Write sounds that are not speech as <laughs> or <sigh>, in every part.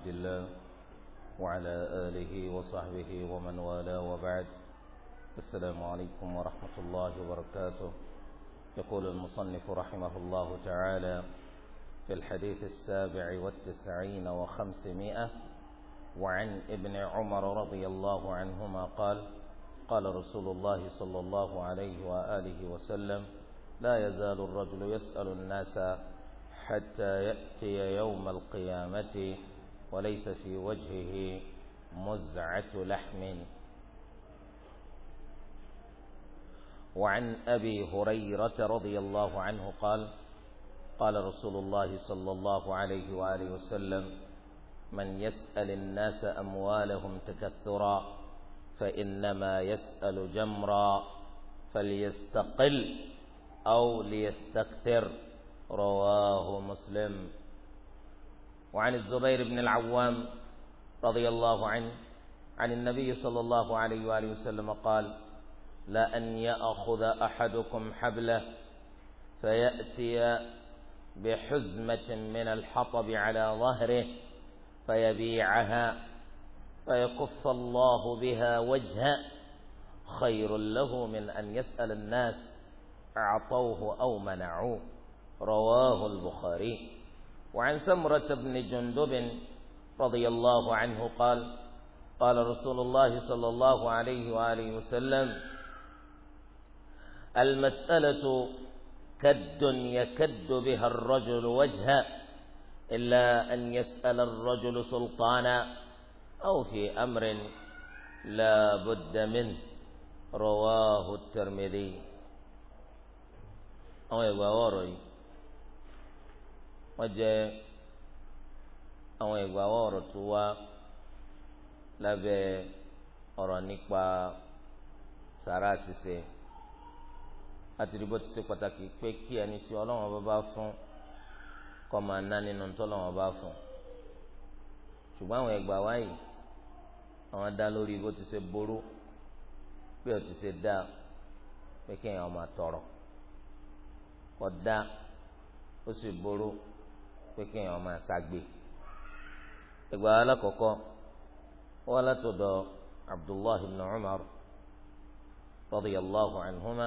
عبد الله وعلى آله وصحبه ومن والاه وبعد السلام عليكم ورحمة الله وبركاته يقول المصنف رحمه الله تعالى في الحديث السابع والتسعين وخمسمائة وعن ابن عمر رضي الله عنهما قال قال رسول الله صلى الله عليه وآله وسلم لا يزال الرجل يسأل الناس حتى يأتي يوم القيامة وليس في وجهه مزعة لحم وعن أبي هريرة رضي الله عنه قال قال رسول الله صلى الله عليه وآله وسلم من يسأل الناس أموالهم تكثرا فإنما يسأل جمرا فليستقل أو ليستكثر رواه مسلم وعن الزبير بن العوام رضي الله عنه عن النبي صلى الله عليه وآله وسلم قال لا أن يأخذ أحدكم حبله فيأتي بحزمة من الحطب على ظهره فيبيعها فيكف الله بها وجهه خير له من أن يسأل الناس أعطوه أو منعوه رواه البخاري وعن سمرة بن جندب رضي الله عنه قال قال رسول الله صلى الله عليه وآله وسلم المسألة كد يكد بها الرجل وجها إلا أن يسأل الرجل سلطانا أو في أمر لا بد منه رواه الترمذي أو يبقى wọ́n jẹ́ àwọn ìgbàwọ́ ọ̀rọ̀ tó wá lábẹ́ ọ̀rọ̀ nípa sàrà ṣíṣe àtìrìbó ti ṣe pàtàkì pé kí ẹni tí ọlọ́wọ́n bá bá fún kọ́ máa ná nínú tọ́lọ́wọ́n bá fún ṣùgbọ́n àwọn ẹgbà wáyé àwọn dá lórí bó ti ṣe ború bí ó ti ṣe dá pé kí èèyàn máa tọrọ kọ dá ó sì ború. pé kéèyàn máa ṣàgbé ìgbà alákọ̀ọ́kọ́ wọ́n dọ abdullahi ibn umar radiyallahu anhuma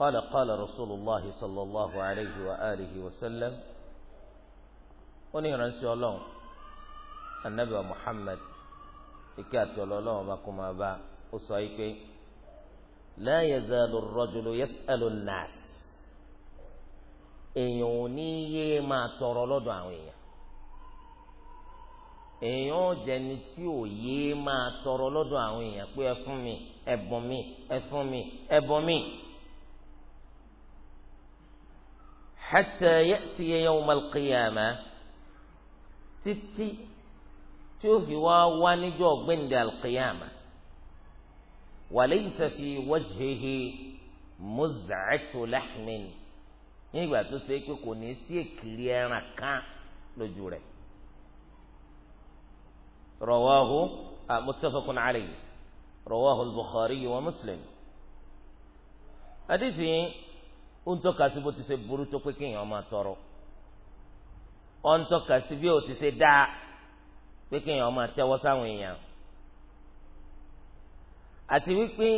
qala qala rasulillah sallallahu alayhi wa alihi wa sallam ó ní ìránṣẹ́ ọlọ́run anabi wa muhammad ike àti ọlọ́run ọba kuma máa bá ó sọ yìí pé la yazalu nàásì. èèyàn ò ní yé máa tọrọ lọ́dọ̀ àwọn èèyàn èèyàn ò jẹni tí ò yé máa tọrọ lọ́dọ̀ àwọn èèyàn pé ẹ fún mi ẹ bùn mi ẹ fún mi ẹ bùn mi. hatta ya'tiya yawmal qiyamah títí tí ó fi wá wá níjọ́ gbẹ̀ndẹ̀ alqiyama wa laysa fi wajhihi muz'atu lahmin ní ìgbà tó ṣe pé kò ní sí èkìrí ẹran kan lójú rẹ̀ rawahu muttafaqun alayhi rawahu al-Bukhari wa Muslim àdìsí ó ń tọ́ka sí bó ti ṣe burú tó pé kéèyàn máa tọrọ ó tọ́ka sí bí ó ti ṣe dáa pé kéèyàn máa tẹ́wọ́ sáwọn èèyàn àti wípé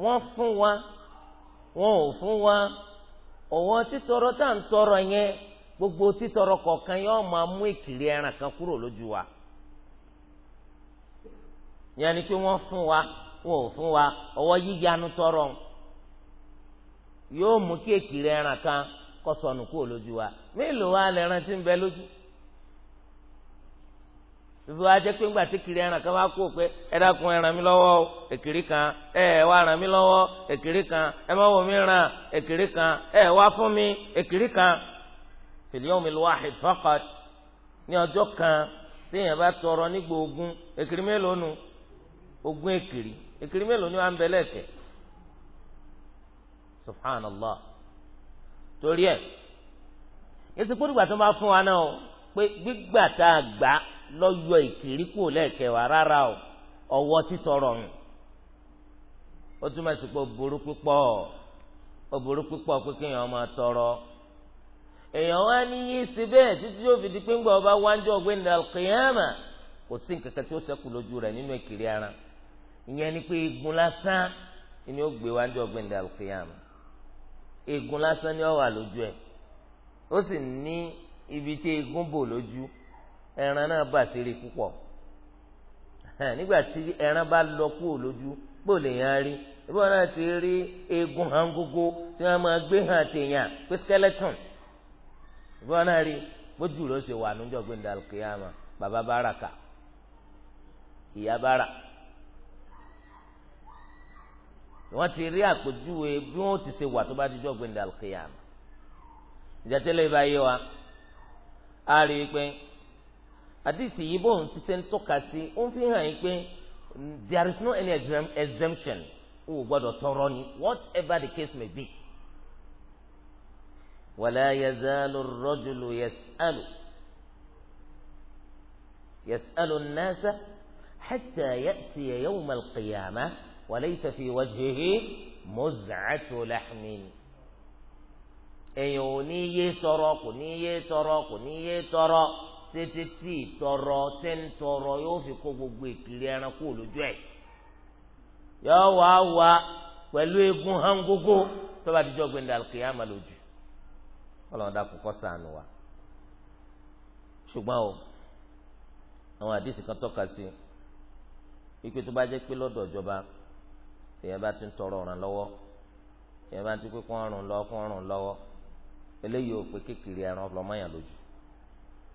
wọ́n fún wa. wọn ò fún wa ọwọ títọrọ tá à ń tọrọ yẹn gbogbo títọrọ kọkan yóò máa mú ìkìlẹ̀ ẹran kan kúrò lójú wa yẹn ni pé fún wa wọn ò fún wa ọwọ yíyanu tọrọ yóò mú kí ìkìlẹ̀ ẹran kan kó sọnù kúrò lójú wa mélòó wa ń bẹ lójú. ìbí wa jẹ́ pé ńgbà tí kiri ẹran kan bá kú pé ẹ dákun ẹ ràn mí lọ́wọ́ èkìrí kan ẹ wá ràn mí lọ́wọ́ èkìrí kan ẹ má wò mí ràn èkìrí kan ẹ wá fún mi èkìrí kan fil yawmil wahid faqat kan bá tọrọ nígbà ogun èkìrí mélòó nu ogun èkìrí èkìrí mélòó ni wà ń subhanallah torí tó fún wa náà lọ́yọ̀ yọ ikiri lẹ́ẹ̀kẹwàá rárá o ọwọ́ títọrọ nù ó túmọ̀ sí pé ó burú pípọ̀ ó burú púpọ̀ pé tọrọ èèyàn wá ní yìí bẹ́ẹ̀ títí yóò fi di ọba wájú ọgbẹ́ ní alkiyama kò sí nǹkan kan tí ó ṣẹ́kù lójú ara ìyẹn ni pé egun lásán ni ó gbé wájú ọgbẹ́ ní alkiyama ni ó wà lójú ẹ̀ ó sì ní ibi ẹran náà bà sírí púpọ̀ nígbà tí ẹran bá lọ kúrò lójú pò lè yàn rí ìbọn náà ti rí eegun hàn gógó tí wọ́n máa gbé hàn tèèyàn pé skeleton ìbọn náà rí bójú ló ṣe wà níjọ́ gbẹ̀ndà kìyàmà bàbá báraka ìyá bára ti rí àpèjúwe bí wọ́n ti ṣe wà tó bá ìbáyé àdìsí yìí bóun ti ṣe ń tọ́ka sí ó ń fi hàn yín pé there is no any exemption o ò gbọ́dọ̀ tọrọ ni whatever the case may be. wala yazalu ar-rajulu yas'alu yas'alu an-nasa hatta ya'tiya yawm al-qiyamah wa laysa fi wajhihi muz'atu lahmin èèyàn ò ní yé tọrọ kò ní yé tọrọ kò ní yé tọrọ. tètè tí tọrọ tẹ́ni tọrọ yóò fi kó gbogbo ìkiri ẹranko lójú ẹ yọ wá wá pẹ̀lú egun hangogo tó bá dijọ́ gbẹ̀ndà kìyàmà lójú ọlọ́run dàkú kọ́ sànù wa ṣùgbọ́n o àwọn àdìsí kan tọ́ka sí ikú tó bá jẹ́ pé lọ́dọ̀ ìjọba èèyàn bá ti ń tọrọ èèyàn bá ti pé kó ọrùn lọ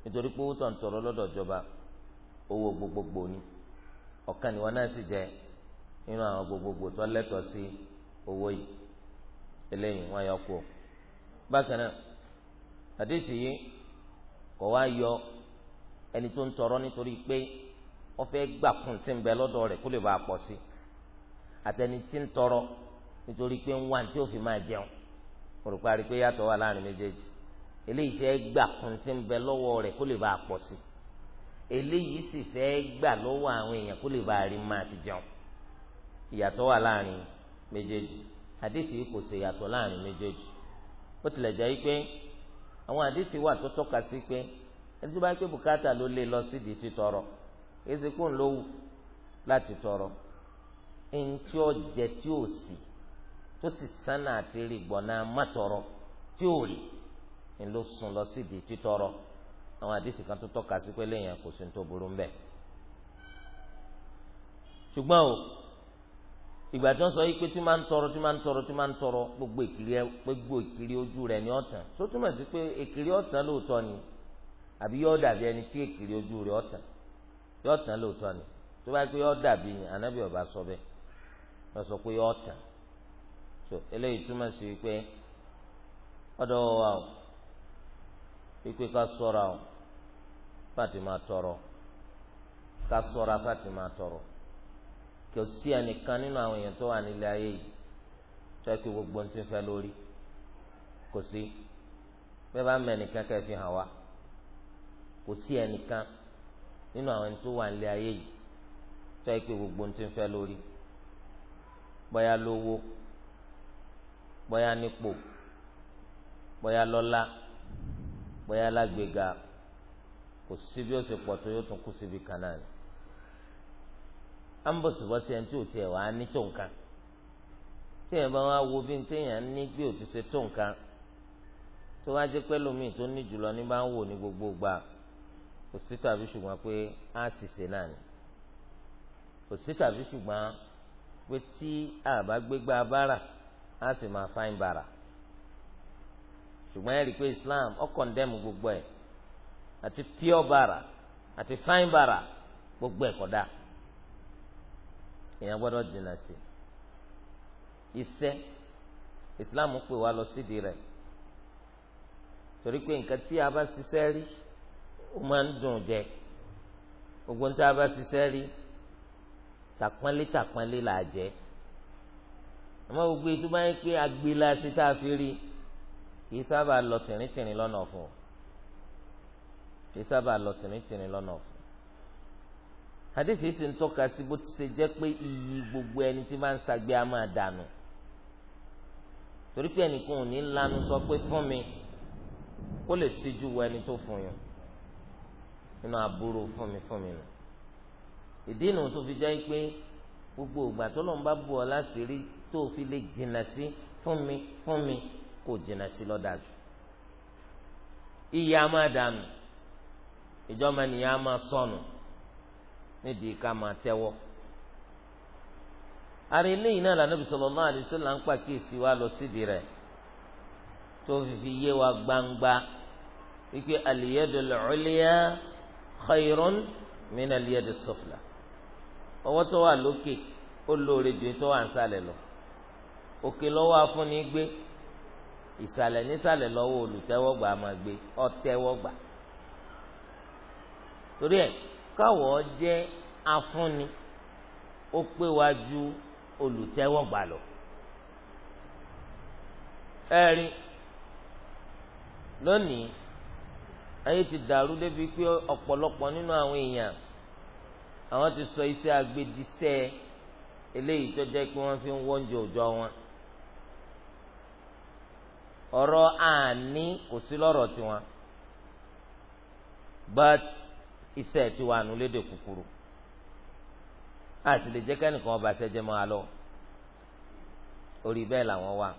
nítorí pé owó tó ń tọrọ lọ́dọ̀ ìjọba owó gbogbogbò ni ọ̀kan ni wọn náà sì jẹ nínú àwọn gbogbogbò tó lẹ́tọ̀ọ́ sí owó yìí eléyìí wọn yọ kú bákan náà àdéhìí yìí kò yọ ẹni tó ń tọrọ nítorí pé wọn fẹẹ gbà kún tí ń bẹ lọ́dọ̀ rẹ̀ kó lè bá a pọ̀ sí àtẹni tí ń tọrọ nítorí pé ń wá tí ó fi eléyìí fẹ́ gbà kún tí ń bẹ lọ́wọ́ rẹ̀ kó lè bá a pọ̀ sí eléyìí sì fẹ́ gbà lọ́wọ́ àwọn èèyàn kó lè bá a rí máa ti jẹun ìyàtọ̀ wà láàrin méjèèjì àdéhìí kò sí ìyàtọ̀ láàrin méjèèjì ó tilẹ̀ jẹ́ pé àwọn àdéhìí wà tó tọ́ka sí pé ẹni tó bá pé bùkátà ló lè lọ tọrọ èsì kò ń láti tọrọ ẹni tí ni ló sùn lọ sí di títọrọ àwọn àdìsí kan tó tọ́ka sí pé lẹ́yìn kò sí tó burú mbẹ. ṣùgbọ́n o ìgbà tí wọ́n sọ yìí pé tí máa ń tọrọ tí máa ń tọrọ tí máa ń tọrọ gbogbo ìkiri gbogbo ìkiri ojú rẹ̀ ní ọ̀tàn tó túmọ̀ sí pé ìkiri ọ̀tàn lóòótọ́ ni àbí yóò dàbí ẹni tí ìkiri ojú rẹ̀ ọ̀tàn yóò tàn lóòótọ́ ni tó bá pé yóò dàbí ni ànábì ọba sọ bẹ́ẹ̀ lọ sọ pé yóò tàn so eléyìí túmọ̀ sí pé ọ̀dọ̀ wa o pípé ká sọ́ra o fàtí máa tọrọ ká sọ́ra fàtí máa tọrọ kò sí ẹnìkan nínú àwọn èèyàn tó wà nílé ayé yìí tó ẹ pé gbogbo ń ti fẹ́ lórí kò sí bẹ́ẹ̀ bá mẹ́nìkan kẹ́ fi hàn wá kò sí ẹnìkan nínú àwọn ẹni tó wà nílé ayé yìí tó ẹ gbogbo ń ti fẹ́ lórí bóyá lówó bóyá nípò bóyá lọ́lá bóyá alágbèéga kò sí bí ó ṣe pọ̀ tó yóò tún kú síbi kan náà ni à ń bọ̀ ṣùgbọ́n sí ẹni tí ò tiẹ̀ wá ní tó nǹkan tí èèyàn bá wá wo bí téèyàn ní bí ò ti ṣe tó nǹkan tó wá jẹ́ pẹ́ lómi tó ní jùlọ ní bá ń wò ní gbogbo gbà kò sí tàbí ṣùgbọ́n pé á ṣìṣe náà ni kò sí tàbí ṣùgbọ́n pé tí àbá gbégbá bára á sì máa fáìn bára ṣùgbọ́n ẹ rí i pé islam ó kọ̀ndẹ́mù gbogbo ẹ̀ àti pure bara àti fine bara gbogbo ẹ̀ kódà èèyàn gbọ́dọ̀ jìnnà sí iṣẹ́ islam pè wá lọ sídìí rẹ̀ torí pé nǹkan tí a bá ṣiṣẹ́ rí ó máa ń dùn jẹ gbogbo nǹkan tí a bá ṣiṣẹ́ rí tàpọ́nlé tàpọ́nlé là á jẹ àmọ́ gbogbo ètò báyìí pé agbélé àti tá a fi rí i kì í sábà lọ tìrìntìrìn lọ́nà ọ̀fun o kì í sábà lọ tìrìntìrìn lọ́nà ọ̀fun hadithi sì ń tọ́ka sí bó ti ṣe jẹ́ pé iyì gbogbo ẹni tí máa ń ṣagbe á máa dànù torí pé ẹnìkan ò ní lanu sọ pé fún mi kó lè ṣíjú wo ẹni tó fún yàn nínú aburú fún mi fún mi nù ìdí ìnù tó fi jẹ́ pé gbogbo ìgbà tó lọ́n bá bù ọ́ láṣìírí tó fi lè jìnnà sí fún mi fún mi kò jìnnà sí lọ́dàjù iyì a máa dànù ìjọba nìyà a máa sọnù nídìí ká máa tẹ́wọ́ ara eléyìí náà lànà sallallahu alaihi wasallam là ń pàkíyèsí wa lọ sídìí rẹ̀ tó fi fi yé wa gbangba wípé al-yadul ulya khayrun min al ọwọ́ tó wà lókè ó lóore ju tó wà ń sálẹ̀ lọ òkè lọ́wọ́ afúnni ìsàlẹ̀ nísàlẹ̀ lọ́wọ́ olùtẹ́wọ́gbà máa gbé ọ̀tẹ́wọ́gbà torí ẹ̀ káwọ́ jẹ́ afúnni ó pé wá ju olùtẹ́wọ́gbà lọ. ẹ̀rín lónìí ayé ti dàrú débi pé ọ̀pọ̀lọpọ̀ nínú àwọn èèyàn àwọn ti sọ iṣẹ́ agbẹ́díṣẹ́ eléyìí tó jẹ́ pé wọ́n fi ń wọ́njẹ òòjọ́ wọn ọ̀rọ̀ àní kò sí lọ́rọ̀ tiwọn but iṣẹ́ tiwa nù lédè kúkúrú àti lè jẹ́ kẹ́nìkan ọba ṣẹ́jẹ́ máa lọ orí bẹ́ẹ̀ làwọn wà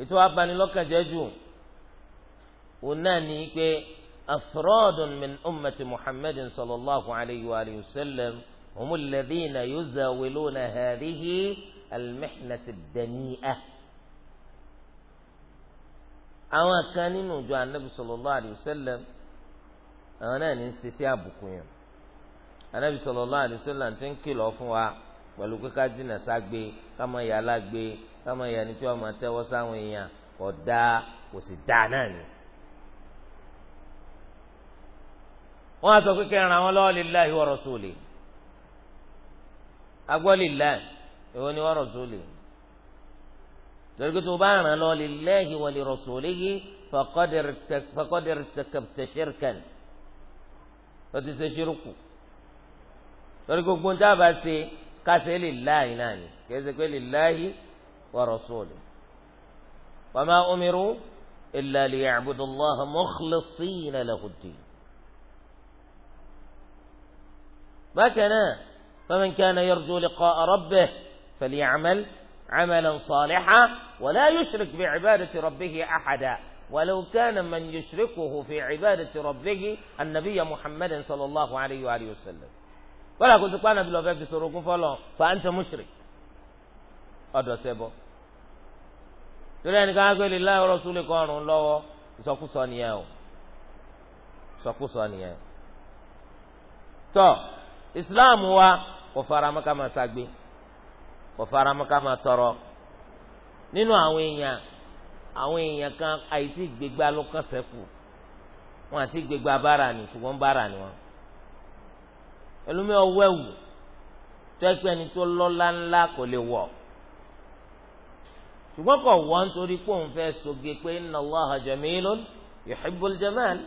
ètò abanilọ́kànjẹ́ jù òun náà ní pé afrodun min ummati muhammadin sallallahu alayhi wa sallam humul ladhina yuzawiluna hadhihi almihnati dani'ah. àwọn kan nínú ìjọ anabi sallallahu alayhi wa sallam àwọn náà ní sisi àbùkù yẹn anabi sallallahu alayhi ti ń kìlọ̀ fún wa pẹ̀lú kíkà jìnnà ságbe káma ya lágbe káma yà ní tí wọ́n máa tẹ́wọ́ sáwọn èèyàn kò kò sì dáa náà ni. wọ́n á sọ pé kẹrin àwọn lọ́wọ́ لو تركتوا بانا لو لله ولرسوله فقد فقد ارتكبت شركا فتستشركوا تركوا كنت بس قتل الله ناني كيف تقول لله ورسوله وما أمروا إلا ليعبدوا الله مخلصين له الدين ما كان فمن كان يرجو لقاء ربه فليعمل عملا صالحا ولا يشرك بعبادة ربه أحدا ولو كان من يشركه في عبادة ربه النبي محمد صلى الله عليه وآله وسلم ولا قلت قانا بلو في سروكم فلو فأنت مشرك أدو سيبو torí ẹni ká gbé lílá ọlọ́sùn lè kọrùn lọ́wọ́ ìsọkúsọ nìyẹn o ìsọkúsọ nìyẹn tọ ìsìláàmù wa kò faramọ́ ká máa tọrọ nínú àwọn èèyàn àwọn èèyàn kan àìsí gbégbá ló kàn sẹ́kù wọn àti gbégbá bára ni ṣùgbọ́n bára ni wọn ẹlòmíì ọwọ́ ẹ̀wù tó ẹgbẹ́ ẹni tó lọ́lá ńlá kò lè wọ̀ ṣùgbọ́n kò wọ̀ nítorí pé òun fẹ́ soge pé inna Allaha jamilun yuhibbul jamal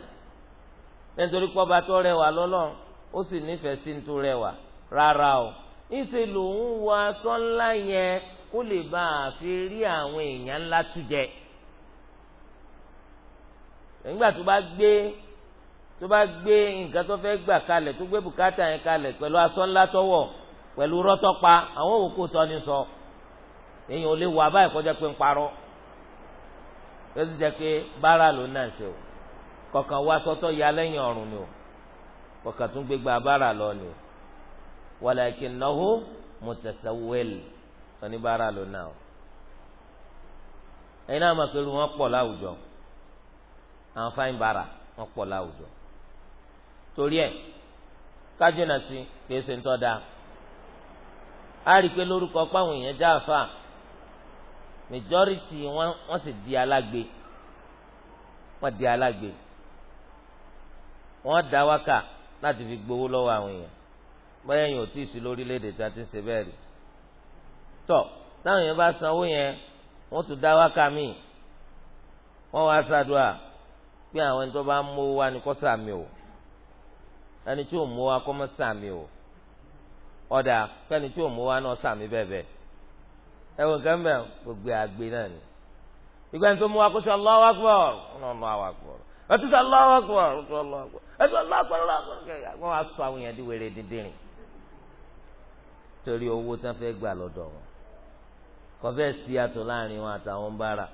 nítorí pé ọba tó rẹwà lọ́lọ́run ó sì nífẹ̀ẹ́ sí ní tó rẹwà rárá o ńṣe lòun wọ aṣọ ńlá yẹn kó lè bá a fi rí àwọn èèyàn ńlá tún jẹ nígbà tó bá gbé tó bá gbé nǹkan tó fẹ́ gbà kalẹ̀ tó gbé bùkátà yẹn kalẹ̀ pẹ̀lú aṣọ ńlá tọwọ̀ pẹ̀lú rọ́tọ́pa àwọn òkú tọ́ni sọ èèyàn ò lè wà báyìí kọjá pé ń parọ́ ó sì jẹ́ pé bára ló náà ṣe o kọ̀ọ̀kan wá sọ́tọ́ ya lẹ́yìn ọ̀run ni o kọ̀ọ̀kan tún gbégbá bára lọ ni o walakinnahu mutasawwil oníbàárà ló náà ẹ̀yin náà máa pẹ̀lú wọn pọ̀ láwùjọ àwọn fáìn bàrà wọn pọ̀ láwùjọ torí ẹ̀ kájọ́nà sí kìí ṣe ń tọ́ da a rí i pé lórúkọ páwọn èèyàn já àfà majority wọn wọn sì di alágbe wọn di alágbe wọn dá wákà láti fi gbowó lọ́wọ́ àwọn èèyàn bóyá yẹn ò tí ì sí lórílẹ̀‐èdè tí a ti ń ṣe bẹ́ẹ̀ rí tọ́ táwọn yẹn bá sanwó yẹn wọ́n tún dá wákà míì wọ́n wá ṣàdúrà pé àwọn ẹni tó bá mú wa ni kó sàmì o ẹni tí ò mú wa kó mọ́ sàmì o ọ̀dà kẹ́ni tí ò mú wa náà sàmì bẹ́ẹ̀ bẹ́ẹ̀ ẹ̀wọ̀n kan bẹ́ẹ̀ gbogbo àgbè náà ni ìgbà tó mú wa kó sọ Allahu Akbar Allahu Akbar ẹtú sọ Allahu Akbar ẹtú sọ Allahu Akbar ẹtú sọ Allahu Akbar wọ́n wá sọ àwọn yẹn di wèrè dídìrín torí owó tán fẹ́ gbà lọ́dọ̀ wọn kò fẹ́ sí yàtọ̀ láàrin wọn àtàwọn bára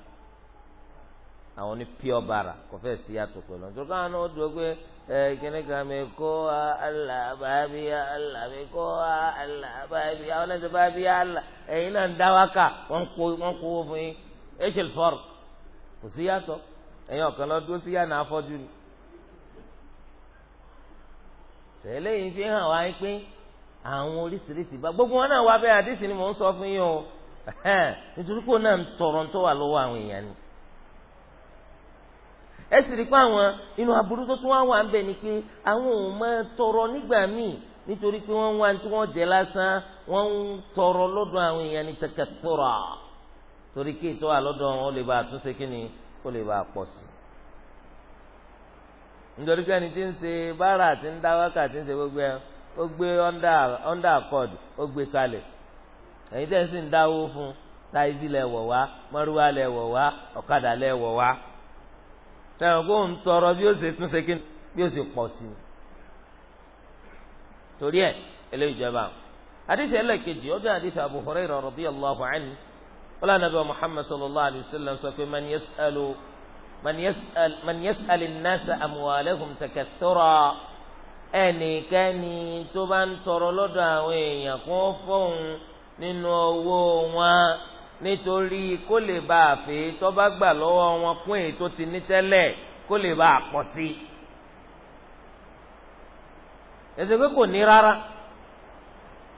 àwọn ní pure bara kò fẹ́ sí yàtọ̀ pẹ̀lú ọ̀n káwọn náà dúró pé ẹ kíní kan mi kó alábàábí alá mi kó alábàábí ẹ̀yin náà ń dá wákà wọ́n kó wọ́n kó fún yín fọ́ọ̀rù kò sí yàtọ̀ fi hàn àwọn oríṣiríṣi bá gbogbo wọn náà wá bẹ́ẹ̀ àdìsí ni mò ń sọ fún yín o nítorí pé òun náà ń tọrọ tó wà lọ́wọ́ àwọn èèyàn ni ẹ sì rí i pé àwọn inú aburú tó tún wá wà ń bẹ ni pé àwọn ò máa tọrọ nígbà míì nítorí pé wọ́n ń wá tí wọ́n jẹ lásán wọ́n ń tọrọ lọ́dọ̀ àwọn èèyàn ní tẹkẹtọrọ torí kí ìtọ́ àlọ́dọ̀ wọn ó lè bá àtúnṣe kí ni kó lè bá a pọ̀ sí i nítorí pé ẹni tí ń ṣe bára àti ń dá wákàtí ń ṣe gbogbo ẹ ó gbé under accord ó gbé kalẹ̀ ẹ̀yin tẹ́ sì ń dáwó fún táìsì lẹ̀ wọ̀ wá mọ́rúwá lẹ̀ wọ̀ wá ọ̀kadà lẹ̀ wọ̀ wá sẹ́wọ̀n kó ń tọrọ bí ó ṣe tún ṣe kí bí ó ṣe pọ̀ sí i torí ẹ̀ eléyìí jẹba àdìsí ẹlẹ́kejì ọdún àdìsí Abu Hurairah radiyallahu anhu wala nabi wa muhammad sallallahu alayhi wa sallam sọ pé man yas'alu man yas'al ẹnikẹ́ni tó bá ń tọrọ lọ́dọ̀ àwọn èèyàn kó fóun nínú owó wọn nítorí kó lè bá àfẹ tó bá gbà lọ́wọ́ wọn kún èyí tó ti ní tẹ́lẹ̀ kó lè bá àpọ̀ sí i. ẹ̀sìn pé kò ní rárá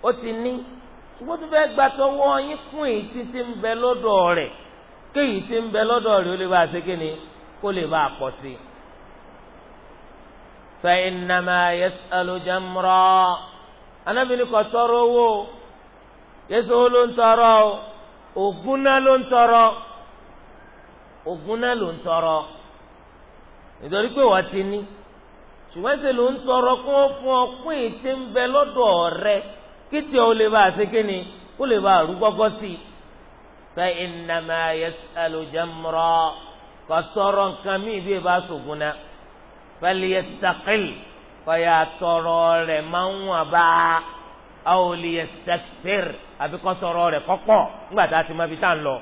ó ti ní ṣùgbọ́n tó fẹ́ẹ́ gba tọwọ́ yín kún èyí tí ti ń bẹ lọ́dọ̀ rẹ̀ kéyìí ti ń bẹ lọ́dọ̀ rẹ̀ ó lè bá àṣekínni kó lè bá àpọ̀ sí i. فإنما يسأل جمرا أنا بني كترو يسأل ترى أغنى لن ترى أغنى لن ترى nítorí pé wọ́n ti ní ṣùgbọ́n ṣe ló ń tọrọ kó fún ọ pé ètè ń bẹ lọ́dọ̀ rẹ kí tí o lè bá a ṣe kíni kó lè bá a rú gbọ́gbọ́ sí i. fa innama yas'alu jamra kò tọrọ nǹkan mí ìbí ẹ bá ṣògùn náà falyastaqil kọ́yà tọrọ rẹ̀ máa ń wọ̀n bá aw liyastakthir àbí kọ́ tọrọ rẹ̀ kọ́pọ̀ nígbà tá a ti mọ ibi tá a ń lọ.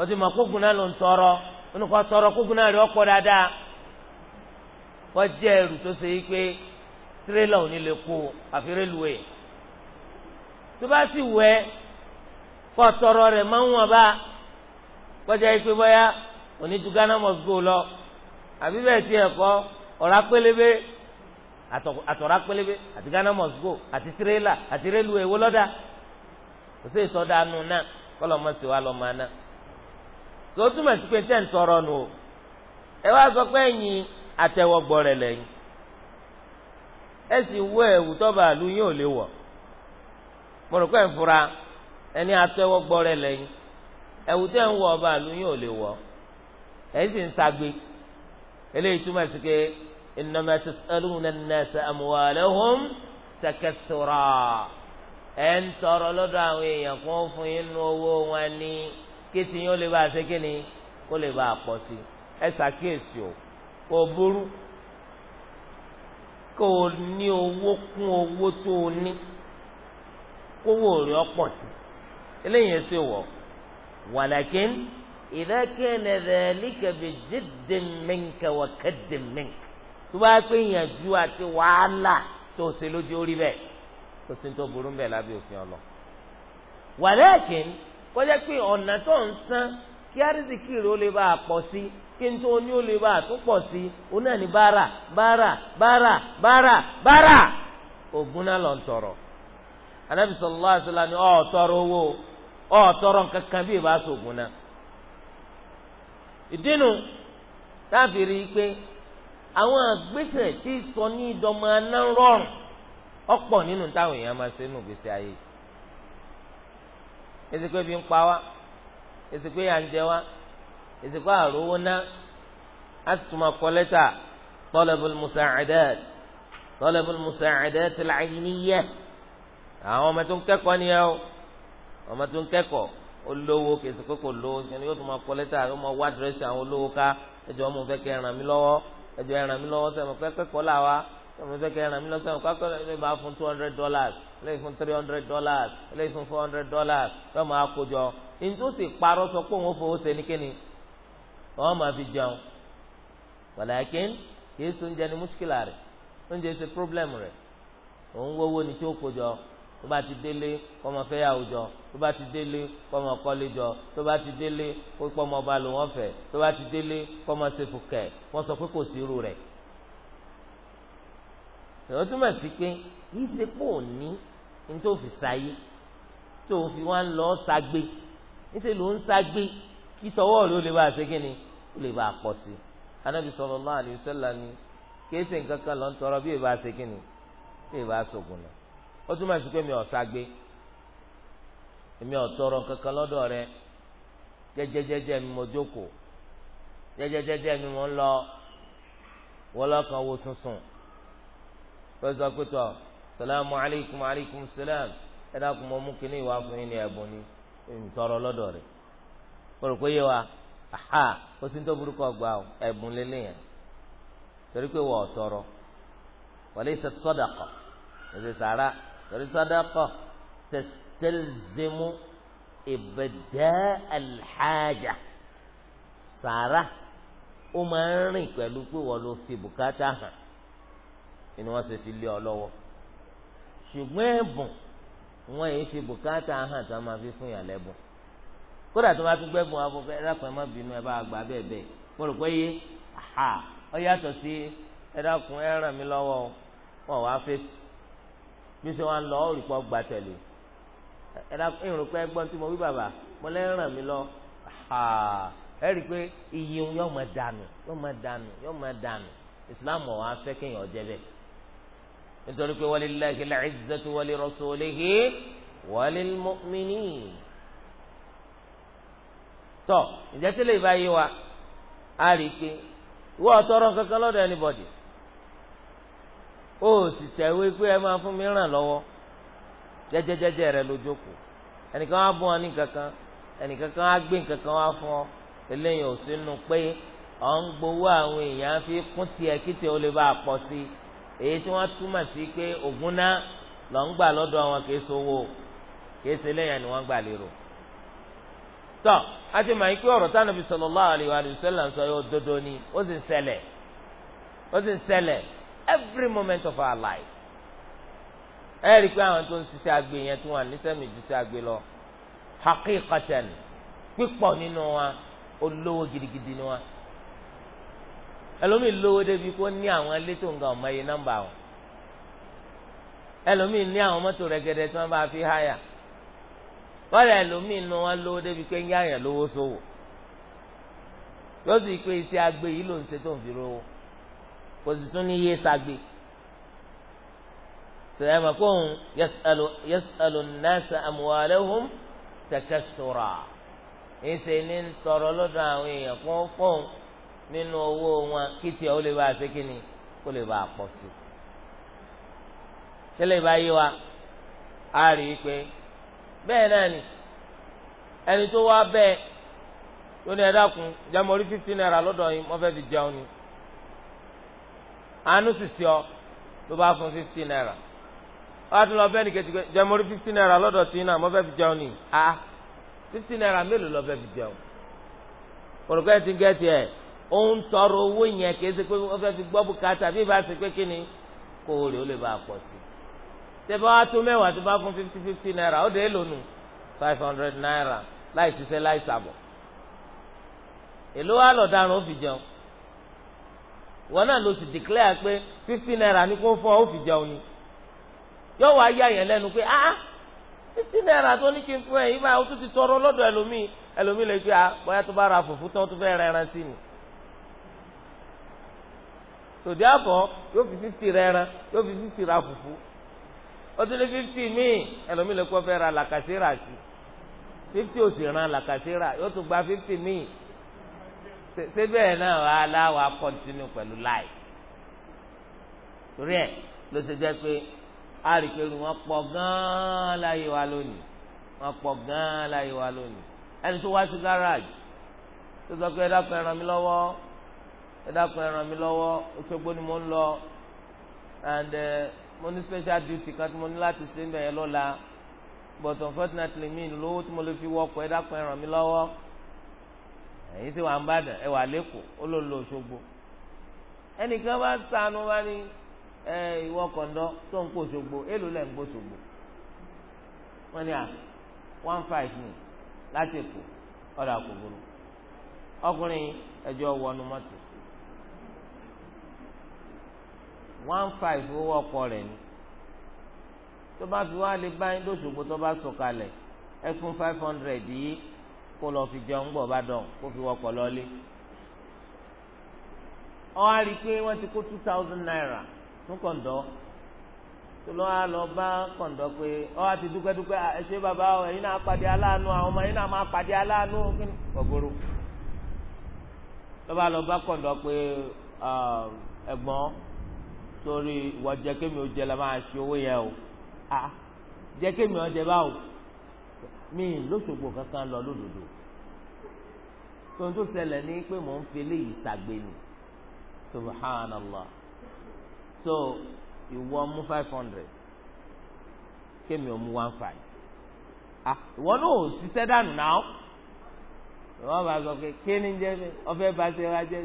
o ti mọ̀ kógun náà ló ń tọrọ onukọ tọrọ kógun náà rẹ̀ ọ̀pọ̀ dáadáa wọ́n jẹ́ ẹrù tó ṣe yí pé tirẹ́là ò ní lè kó àfi rélùwé tó bá sì wẹ̀ kọ́ tọrọ rẹ̀ máa ń wọ̀n bá kọjá yí pé bọ́yá. onitu ghana must go lọ àbí bẹ́ẹ̀ tiẹ̀ kọ́ ọ̀rá pélébé àtọ̀rá pélébé àti ghana must go àti tirẹ́là àti rélùwé èwo lọ́dà kò sí ìsọdá nu náà kọ́lọ̀ mọ́ sí wa lọ́ máa ná tó túmọ̀ sí pé tẹ̀ ń tọrọ nù o ẹ wá sọ pé ẹ̀yin àtẹwọ́gbọ́ rẹ̀ lẹ́yìn ẹ sì wọ ẹ̀wù tọ́ba àlù fura ẹni wọ ẹ̀yin sì ń sagbe eléyìí túmọ̀ sí pé innama tas'aluna an-nasa amwalahum takathura ẹ̀ ń tọrọ lọ́dọ̀ àwọn èèyàn kún fún yín nu owó wọn ní kí tí yín ó lè bá a ṣe kí ni kó lè bá a pọ̀ sí ẹ ṣàkíyèsí o kò burú kó ní owó kún owó tó o ní kówó rẹ̀ ọ̀pọ̀ sí eléyìí ẹ ṣe wọ̀ wàlàkín. idha kana dhalika bi jiddin minka wa kaddin minka tó bá wàhálà tó ṣe lójú orí bẹ́ẹ̀ tó ṣe tó burú bẹ́ẹ̀ lábẹ́ òfin ọlọ. wàlẹ́kìn kọjá pé ọ̀nà tó ń san kí àrísìkì rẹ̀ ó lè bá a pọ̀ sí kí n tó ní ó lè bá a tún pọ̀ sí ó náà ní bára bára bára bára bára ògùn náà lọ ń tọrọ. anábìsọ̀ lọ́wọ́ àṣọ tọrọ owó ọ̀ tọrọ nǹkan kan ìdínú láti rí i pé àwọn àgbésẹ̀ tí sọ ní ìdọ́mọ anárọ̀rùn ọ̀pọ̀ nínú táwọn èèyàn máa ṣe nù gbèsè ayé ezekwe bí ń pa wá ezekwe yà ń jẹ wá ezekwe àrówó ná a sì tún máa kọ lẹ́tà talabul musaadat talabul musaadat al àwọn ọmọ tó ń kẹ́kọ̀ọ́ nìyẹn o ọmọ tó ń kẹ́kọ̀ọ́ olówó kèsì pé kò lówó ṣe ni yóò tún máa kọ lẹ́tà yóò máa wá dírẹ́sì àwọn olówó ká ẹjọ́ mo fẹ́ kẹ́ ẹ ràn mí lọ́wọ́ ẹjọ́ ẹ ràn mí lọ́wọ́ sẹ́mu pẹ́pẹ́ kọ́ là wa mo fẹ́ kẹ́ ẹ ràn lọ́wọ́ sẹ́mu pẹ́pẹ́ lè máa fún two hundred dollars lè fún three hundred dollars lè fún four hundred dollars yóò máa kójọ ntòsí parọ́ sọ pé òun fowó ṣe níkẹ́ni wọ́n máa fi jẹun wàlàkín kìí sọ oúnjẹ ni mùsùkìlà rẹ̀ oúnjẹ ṣe problem tó bá ti délé kó máa fẹ́ yàwó jọ tó bá ti délé kó máa kọ́lé jọ tó bá ti délé kó pọ́ ọmọ ọba lò wọ́n fẹ́ tó bá ti délé kó máa ṣe fùkẹ́ wọ́n sọ pé kò sí irú rẹ̀. ìwọ túmọ̀ sí pé kì í ṣe pé òní ní tó fi sáyé tó fi wá ń lọ ságbé níṣẹ́ ló ń ságbé kí tọwọ́ rẹ̀ ó lè bá a ṣe kí ni ó lè bá a pọ̀ sí i. anábì sallallahu alaihi wasallam ni kí ẹsẹ̀ nǹkan kan lọ́ ń tọrọ bí ìbá ó túmọ̀ sí pé mi ò ságbé èmi kankan lọ́dọ̀ rẹ jẹ́jẹ́jẹ́jẹ́ mi mo jókòó jẹ́jẹ́jẹ́jẹ́ mi mo ń lọ wọlọ́kan wo sunsun sọ salamu alaykum alaykum salam ẹ dákun mo mú kinní ìwà fún ni tọrọ lọ́dọ̀ rẹ̀ o rò pé yé wa aha ó sì ń tó burúkọ gba ẹ̀bùn lélẹ̀ yẹn torí pé wọ́n torí sadaqa tastalzimu ibda' al-haja sàrà ó máa ń rìn pẹ̀lú pé wọ́n ló fi bùkátà hàn ni wọ́n ṣe fi lé ọ lọ́wọ́ ṣùgbọ́n ẹ̀bùn wọ́n yìí fi bùkátà hàn tí wọ́n máa fi fún yàn lẹ́bùn kódà tó bá tún gbẹ́bùn wọn ẹ̀dàkùn ẹ̀ má bínú ẹ̀ bá gbà bẹ́ẹ̀ bẹ́ẹ̀ mo rò pé yé ọ yàtọ̀ sí ẹ̀dàkùn ẹ̀ ràn mí lọ́wọ́ wọn wá fèsì bí ṣe wọn lọ òrì pọ̀ gbà tẹ̀lé ìrùn pé ẹgbọ́n tí mo wí bàbá mo lẹ́ ràn mí lọ ẹ rí i pé iye òun yóò máa dànù yóò máa dànù yóò máa dànù ìsìláàmù ọ̀hún afẹ́ kéèyàn jẹ́ bẹ́ẹ̀ nítorí pé walillahi al-izzatu wa li rasulihi wa lil mu'minin ìjẹ́sílẹ̀ ìbáyé wa a rí i pé ìwọ ọ̀tọ́rọ̀ kankan lọ́dọ̀ anybody ó sì tẹ̀wé pé ẹ máa fún mi ràn lọ́wọ́ jẹ́jẹ́jẹ́jẹ́ rẹ lójókòó ẹnìkan ọ ní kankan ẹnìkan kan gbé wá fún ọ eléyìí ò sínú pé ń gbowó àwọn èèyàn fi kún tiẹ̀ kí tiẹ̀ ó lè bá a pọ̀ sí èyí tí wọ́n túmọ̀ sí pé ògùn náà lọ ń gbà ni wọ́n gbà lérò. a ti mọ̀ ikú ọ̀rọ̀ tánàbí sallallahu alaihi wa sallam sọ yóò dodo ni ó sì ń ṣẹlẹ̀ every moment of our life ẹ rí i pé àwọn tó agbe yẹn tó wà nísẹ́mi agbe lọ pípọ̀ nínú wa gidigidi ni wa ẹlòmíì lówó débi kó ní àwọn ga yìí nọ́mbà wọn ẹlòmíì ní àwọn mọ́tò rẹ̀gẹ̀dẹ̀ tí wọ́n bá fi háyà wọ́n rẹ̀ ẹlòmíì nu wọn lówó débi pé ń yáyàn lówó sówò yóò sì pé iṣẹ́ agbe yìí ló ń ṣe fi rówó. kò sì tún ní yé sagbe sọ̀rọ̀ ma kó ń yas'alu an-nasa amwalahum takathura ìṣe ní tọrọ lọ́dọ̀ àwọn èèyàn pọ́npọ́n nínú owó wọn kí tiẹ̀ ó lè bá a ṣe kí ni kó lè bá a pọ̀ sí i tẹ́lẹ̀ bá yé wa a rí i pé bẹ́ẹ̀ náà ni ẹni tó wá bẹ́ẹ̀ lónìí ẹ dákun jẹ́ mo rí lọ́dọ̀ yín mo fẹ́ fi jẹun ni àánú sì sí ọ ló bá fún fifty naira wọ́n á lọ bẹ́ẹ̀ ni kejì jẹ́ mo rí fifty naira lọ́dọ̀ tí náà mo fẹ́ fi jẹun ni a fifty naira mélòó lọ fẹ́ fi jẹun òrùka ẹ̀ ti gẹ̀ẹ́tì ẹ̀ ó ń tọrọ owó yẹn kì í ṣe pé wọ́n fẹ́ fi gbọ́ bùkátà bí ìbá ṣe pé kí ni kó o rè ó lè bá a pọ̀ sí i tẹ́fẹ́ wá tó mẹ́wàá tó bá fún fifty fifty naira ó dé lónìí five hundred naira láì ṣiṣẹ́ láì ṣàbọ̀ èló wà lọ́daràn ó fi jẹun wọn náà ló sì declare pé fifty naira ni kò fún ọ ó fi jẹun ni yóò wá yá yẹn lẹ́nu pé ah, ah fifty naira tó ní kí n fún ẹ yìí báyìí ó tún ti tọrọ lọ́dọ̀ ẹlòmíì ẹlòmíì lè fi ah bóyá tó bá ra fùfú tán tó fẹ́ ra ẹran sí ni tòdí àbọ̀ yóò fi fifty ra ẹran yóò fi fifty ra fùfú ó tún ní fifty míì ẹlòmíì lè kọ́ fẹ́ ra làkàṣẹ́rà sí fifty ò sì ran làkàṣẹ́rà yóò tún gba fifty míì ṣé bẹ́ẹ̀ náà wà á láwà á kọ́ntínú pẹ̀lú láì torí ẹ̀ ló ṣe jẹ́ pé àríkèrú wọn pọ̀ gan-an láyé wa lónìí wọn pọ̀ gan-an láyé wa lónìí ẹni tó wá sí gáràjì tó sọ pé ẹ dákun ẹ ràn mí lọ́wọ́ ẹ dákun ẹ ràn mí lọ́wọ́ Òṣogbo ni mo ń lọ and eh, mo ní special duty kan tí mo ní láti ṣe ń bẹ̀yẹn lọ́la but unfortunately mi lówó tí mo lè fi wọkọ̀ ẹ dákun ẹ ràn mí lọ́wọ́ ẹ̀yin tí wàá ń bá dàn ẹ wà lẹ́kọ̀ọ́ ó ló ń lo Òṣogbo ẹnìkan bá sànù wá ní ẹ ìwọ kọ̀ńdọ́ tó ń kó Òṣogbo èlò lẹ́ ń kó Òṣogbo wọ́n ní à one five ni láti kù ọ̀dà kò burú ọkùnrin ẹjọ́ wọnú mọ́tò one five owó ọkọ rẹ̀ ni tó bá fi wá lè báyìí lóṣogbo tó bá sọ̀kalẹ̀ ẹ fún five hundred yìí kó lọ fi jẹun gbọ bá dán kó fi wọkọ̀ lọlé wọn á rí i pé wọ́n ti kó two thousand naira fún kọńdọ tó lọ á lọ bá kọńdọ pé ọ á ti dúpẹ́ dúpẹ́ ẹ ṣé bàbá ọ ẹ̀yin náà pàdé aláàánú àwọn ọmọ ẹ̀yin náà máa pàdé aláàánú gbogbooro lọ́ba lọ bá kọ̀ǹdọ̀ pé ẹ̀gbọ́n torí ìwọ jẹ́ kémi ó jẹ la máa ṣe owó yẹn o jẹ́ kémi ó jẹ báwo mi lóṣogbo kankan lọ lódodo tóun tó ṣẹlẹ̀ ní pé mò ń fi eléyìí ṣàgbéni subhanallah so ìwọ mú five hundred kémi ò mú one five ah ìwọ náà ò ṣiṣẹ́ dànù náà ìwọ bá sọ pé kíni jẹ́ mi ọ̀fẹ́ bá ṣe wá jẹ́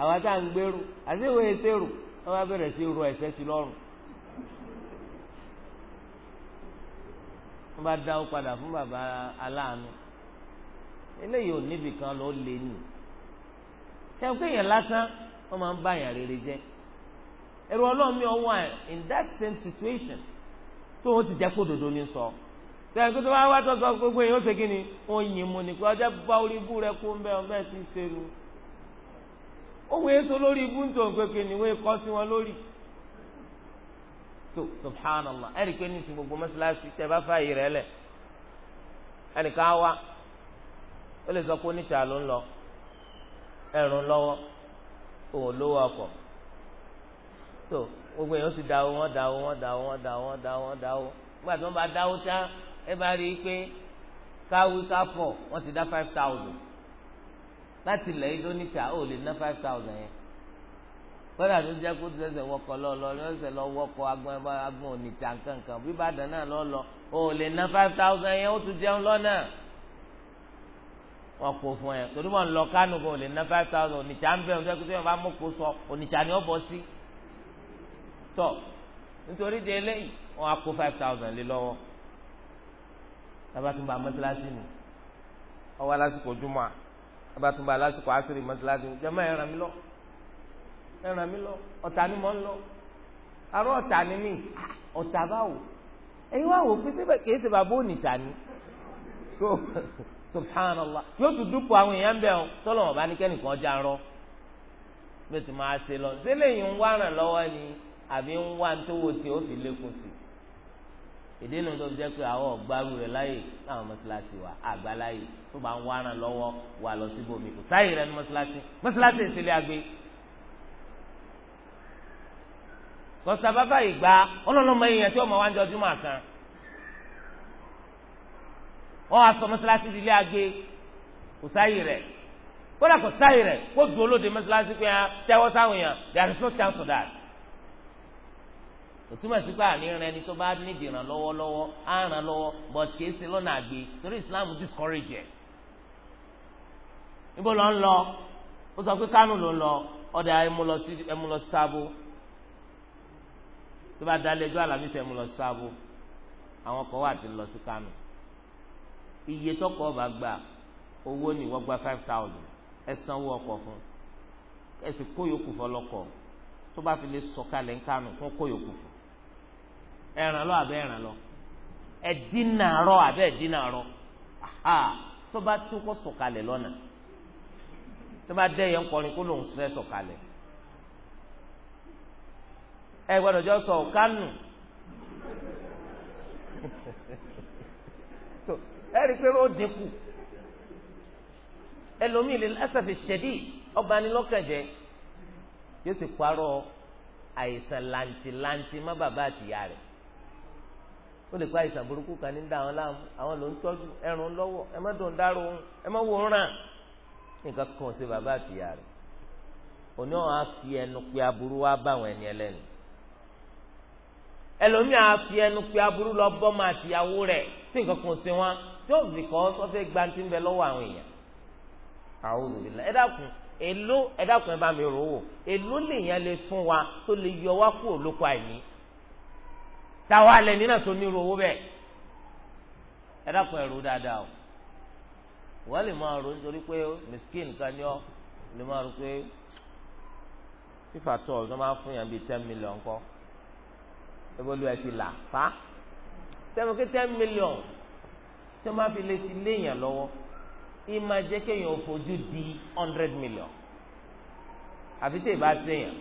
àwọn tá à ń gbèrú àti ìwé ètèrò wọ́n bá bẹ̀rẹ̀ sí ru ẹ̀ṣẹ̀ sí lọ́rùn. wọ́n bá dáwó padà fún bàbá aláàánú eléyìí ò níbì kan lọ lé nù sẹ́wọ́n kéèyàn lásán wọ́n máa ń bá àyàn rere jẹ́ ẹ̀rù ọlọ́run mi ọwọ́ ẹ̀ in that same situation tó o ti jẹ́ kó dodo ní sọ sẹ́wọ́n kí tó bá wá tó sọ gbogbo yìí ó ṣe kí ni ó yin mu ni pé ọjọ́ bá orí ibú rẹ kó ń bẹ́ ọ̀n bẹ́ẹ̀ ti ṣe nu ó wéé so lórí ibú ń tò ń pé kí ni wéé kọ́ sí wọn lórí so subhanallah ẹnì pé nísìnyí gbogbo mọ́ṣáláṣí tẹ bá fààyè rẹ lẹ̀ ẹnìkan á wá ó lè sọ pé oníṣà ló ń lọ ẹ̀rùn lọ́wọ́ òun lówó ọkọ̀ so gbogbo èèyàn sì dáwó wọn dáwó wọn dáwó wọn dáwó wọn dáwó wọn dáwó nígbà tí wọn bá dáwó tán ẹ bá rí i pé káwí káfọ̀ wọn ti dá five thousand láti ilẹ̀ ìdóníta ó lè ná five thousand yẹn kódà tó jẹ́ kó tẹ̀sẹ̀ wọkọ̀ lọ lọ lọ́sẹ̀ lọ wọkọ̀ agbọ̀n agbọ̀n onìjà nkankan bí Ìbàdàn náà lọ lọ o lè ná five thousand yẹn ó tún jẹun lọ́nà wọn kò fún ẹ torí wọn lọ Kánò kò lè ná five thousand onìjà ń bẹ̀rù sẹ́kù tí wọn bá mú kó sọ onìjà ni ó bọ̀ sí tọ̀ nítorí de eléyìí wọn á kó five thousand lé lọ́wọ́ tabatunba mọ́tíláṣí mi ọwọ́ alásìkò jùmọ̀ tabatunba alásìkò àṣírí mọ́tíláṣí mi jẹ́ mọ́ ẹ̀ràn mi lọ́wọ́ ẹ̀ràn mi lọ ọ̀tà ni mò ń lọ àrùn ọ̀tà ni mí ọ̀tà báwo ẹ̀yin wá wò pín síbẹ̀ kìí ṣe bàbá ònìjà ni so <laughs> subhanallah yóò tún dúpọ̀ àwọn èèyàn bẹ́ẹ̀ o tọ́lọ̀ wọn bá ní kẹ́nìkan ọjà rọ bí o ti máa ṣe lọ sílẹ̀ yìí ń wá ràn lọ́wọ́ ni àbí ń wá tówó tí ó fi lékun sí ìdí nu tó jẹ́ pé àwọn ọ̀gbárù rẹ̀ láyè láwọn mọ́ṣáláṣí wa àgbà láyè tó bá ń wá ràn lọ́wọ́ wà lọ síbòmí kò sáyè rẹ̀ ní mọ́ṣáláṣí mọ́ṣáláṣí ìṣẹ̀lẹ̀ àgbẹ̀ kọsábàbà ìgbà ọlọ́lọ́mọ èèyàn tí ọmọ wa ń jọ ọ máa kan wọ́n wá sọ mọ́sálásí di ilé agé kò sáyè rẹ̀ kódà kò rẹ kó dùn olóde pé sáwọn èèyàn there is no chance for that pé rẹ tó bá nídìí ràn lọ́wọ́ á ràn lọ́wọ́ but kì í ṣe lọ́nà àgbè torí Islam discourage ẹ̀ níbo ń lọ ó sọ pé ló tó bá dalẹ̀ ẹjọ́ alamisa ẹ̀ mú lọ sí sábò àwọn kan wà tí lọ sí kánò iye tọkọ ọba gba owó ni wọ́n gba five thousand ẹ sanwó ọkọ̀ fún ẹ sì kó yòókù fọlọ́kọ̀ tó bá fi lè sọ̀kalẹ̀ ń kánò fún kó yòókù fún ẹ̀ràn lọ àbẹ́ ẹ̀ràn lọ ẹ̀dínàárọ̀ àbẹ́ ẹ̀dínàárọ̀ tó bá tún kọ́ sọ̀kalẹ̀ lọ́nà tó bá dẹ́yẹ̀ ń kó lòun fẹ́ sọ̀kalẹ̀ ẹ gbọ́dọ̀ jọ sọ kánù <laughs> so ẹ rí i pé ó dínkù ẹlòmíì lè lásàfẹ ṣẹdí ọba ni lọ́kànjẹ́ yóò sì parọ́ àìsàn làǹtìlàǹtì má bàbá àtìyá rẹ̀ ó lè kó àìsàn burúkú kan ní dá àwọn láàmú àwọn ló ń tọ́jú ẹrùn lọ́wọ́ ẹ má dùn dárò ohun ẹ má wò ràn nǹkan kan ṣe bàbá àtìyá rẹ̀ òní ọ̀hún á fi ẹnu pé aburú wá bá àwọn ẹni ẹlẹ́nu ẹlòmíì àfi ẹnu pé aburú lọ bọ́ máa tìyàwó rẹ̀ tí nǹkan kan ṣe wọn tó bìkọ́ sọ́fẹ́ gbanti ń bẹ lọ́wọ́ àwọn èèyàn àwọn olùdílé ẹ dákun èló ẹ bá mi rò wò èló lèèyàn lè fún wa tó lè yọ wá kúrò lóko àìní táwa lẹni náà tó nírú owó bẹ́ẹ̀ ẹ dákun ẹ rò dáadáa o wọ́n lè máa rò nítorí pé miskin kan ní ọ lè máa rò pé fífà tó ọ̀dọ́ máa fún yàn bíi ten million kọ́ ebolu ẹ ti là sá sẹ́wọ̀n kí ten million tí wọ́n bá fi lè ti léèyàn lọ́wọ́ ìmọ̀ jẹ́ kéèyàn fojú di hundred million àfi tí ìbá séèyàn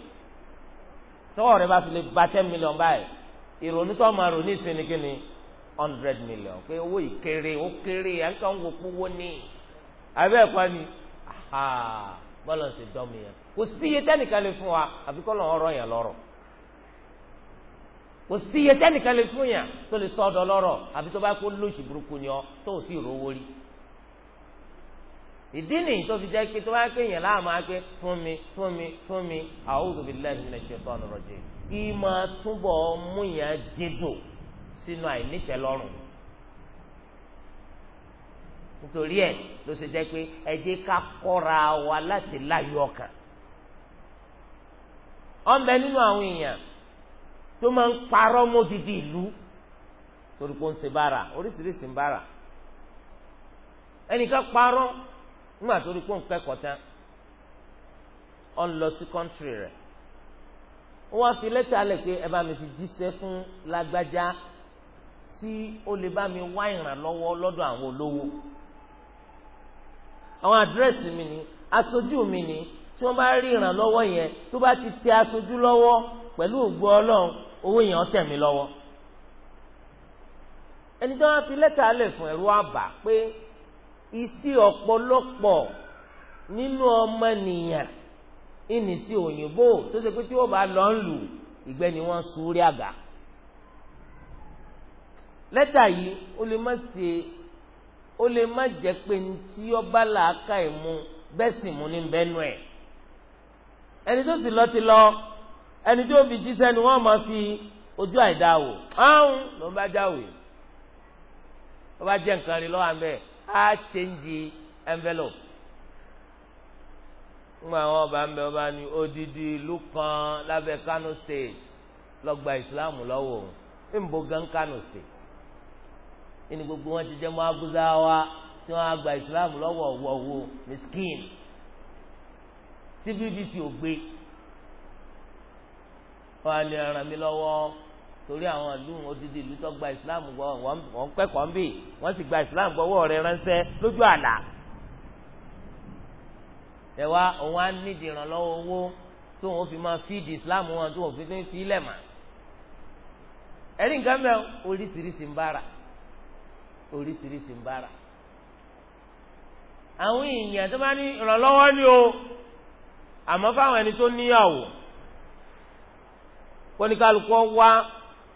tọ́wọ́ rẹ bá fi lè ba ten million báyìí ìrònú tó máa rò ní ìsinmi kí ni hundred million pé owó ìkéré ó kéré à ń kàn wò púwó ní àbẹ́ ẹ̀kọ́ ni bọ́lọ̀ ń ṣe dọ́mi yẹn kò sí iye tẹ́nìkan lè fún wa àfi kọ́ lọ́n ọ̀rọ̀ yẹn lọ́rọ̀ kò sí iye tẹ́nìkan lè fún yàn tó lè sọ ọ̀dọ̀ lọ́rọ̀ àbí tó bá kó lóṣù burúkú ni ọ tó sì rówó rí ìdí nìyí tó fi jẹ́ pé tó bá pé yàn láàmú aké fún mi fún mi fún mi a'udhu billahi minash shaitani rajim ìmọ̀ túbọ̀ mú yàn jẹ́dò sínú àìnítẹ̀lọ́rùn nítorí ẹ̀ ló ṣe jẹ́ pé ẹ ká kọ́ra wa láti láyọ̀ ọkàn ọ̀nbẹ nínú àwọn èèyàn tó máa ń parọ́ mọ́ didi ìlú torí pé ó ń ṣe bára oríṣiríṣi ń bára ẹnìkan parọ́ nígbà tó rí pé ó ń kẹ́kọ̀ọ́ tán ó ń lọ sí kọ́ńtírì rẹ̀ ó wá fi lẹ́tà alẹ̀ pé ẹ bá mi fi jíṣẹ́ fún lágbájá tí ó lè bá mi wá ìrànlọ́wọ́ lọ́dọ̀ àwọn olówó àwọn àdírẹ́sì mi ni aṣojú mi ni tí wọ́n bá rí ìrànlọ́wọ́ yẹn tó bá ti tẹ aṣojú lọ́wọ́ pẹ̀lú ògbó ọlọ́run owó yẹn ó mi mí lọ́wọ́ ẹni tí wọ́n fi lẹ́tà lẹ̀ fún ẹ̀rú àbá pé isi ọ̀pọ̀lọpọ̀ nínú ọmọnìyàn ìnísí òyìnbó tó ṣe pé tí wọ́n bá lọ ń lù ìgbẹ́ ni wọ́n sùn rí àgà lẹ́tà yìí ó lè má ṣe ó lè má jẹ́ pé ní tí ọba làákà ìmú bẹ́ẹ̀ sì mú ní bẹ́nu ẹ̀ ẹni tó sì lọ ti lọ ẹni tí ó fi jíṣẹ́ ni wọ́n máa fi ojú àìdá wò áhùn ló ń bá jáwèé ló bá jẹ́ nǹkan rí lọ́wọ́ àmì á chẹ́ǹjì envelope ńgbà àwọn ọba ń bẹ ọba ní odidi ìlú kan lábẹ́ Kano State lọ́gba Islam lọ́wọ́ òun ńbọ gan Kano State ẹni gbogbo wọn ti jẹ́ mọ́ abúlé wa tí wọ́n á gba Islam lọ́wọ́ ọ̀wọ́wọ́ miskin tí BBC ò gbé wọn á lè ràn mí lọ́wọ́ torí àwọn ìlú wọn ti di ìlú tó gba islam gbọ́ wọn kẹ́kọ̀ọ́ ń bì wọ́n sì gba islam gbọ́wọ́ rẹ̀ ránṣẹ́ lójú àlà ẹ̀wá òun á nídìí ìrànlọ́wọ́ owó tó wọn fi máa fíìdì islam wọn tó wọn fi ní sílẹ̀ mà ẹ̀rí nǹkan mẹ́ oríṣiríṣi ń bára oríṣiríṣi ń bára àwọn èèyàn tó bá ní ìrànlọ́wọ́ ni o àmọ́ fáwọn ẹni tó níyàwó kọ́níkàlùkọ́ wá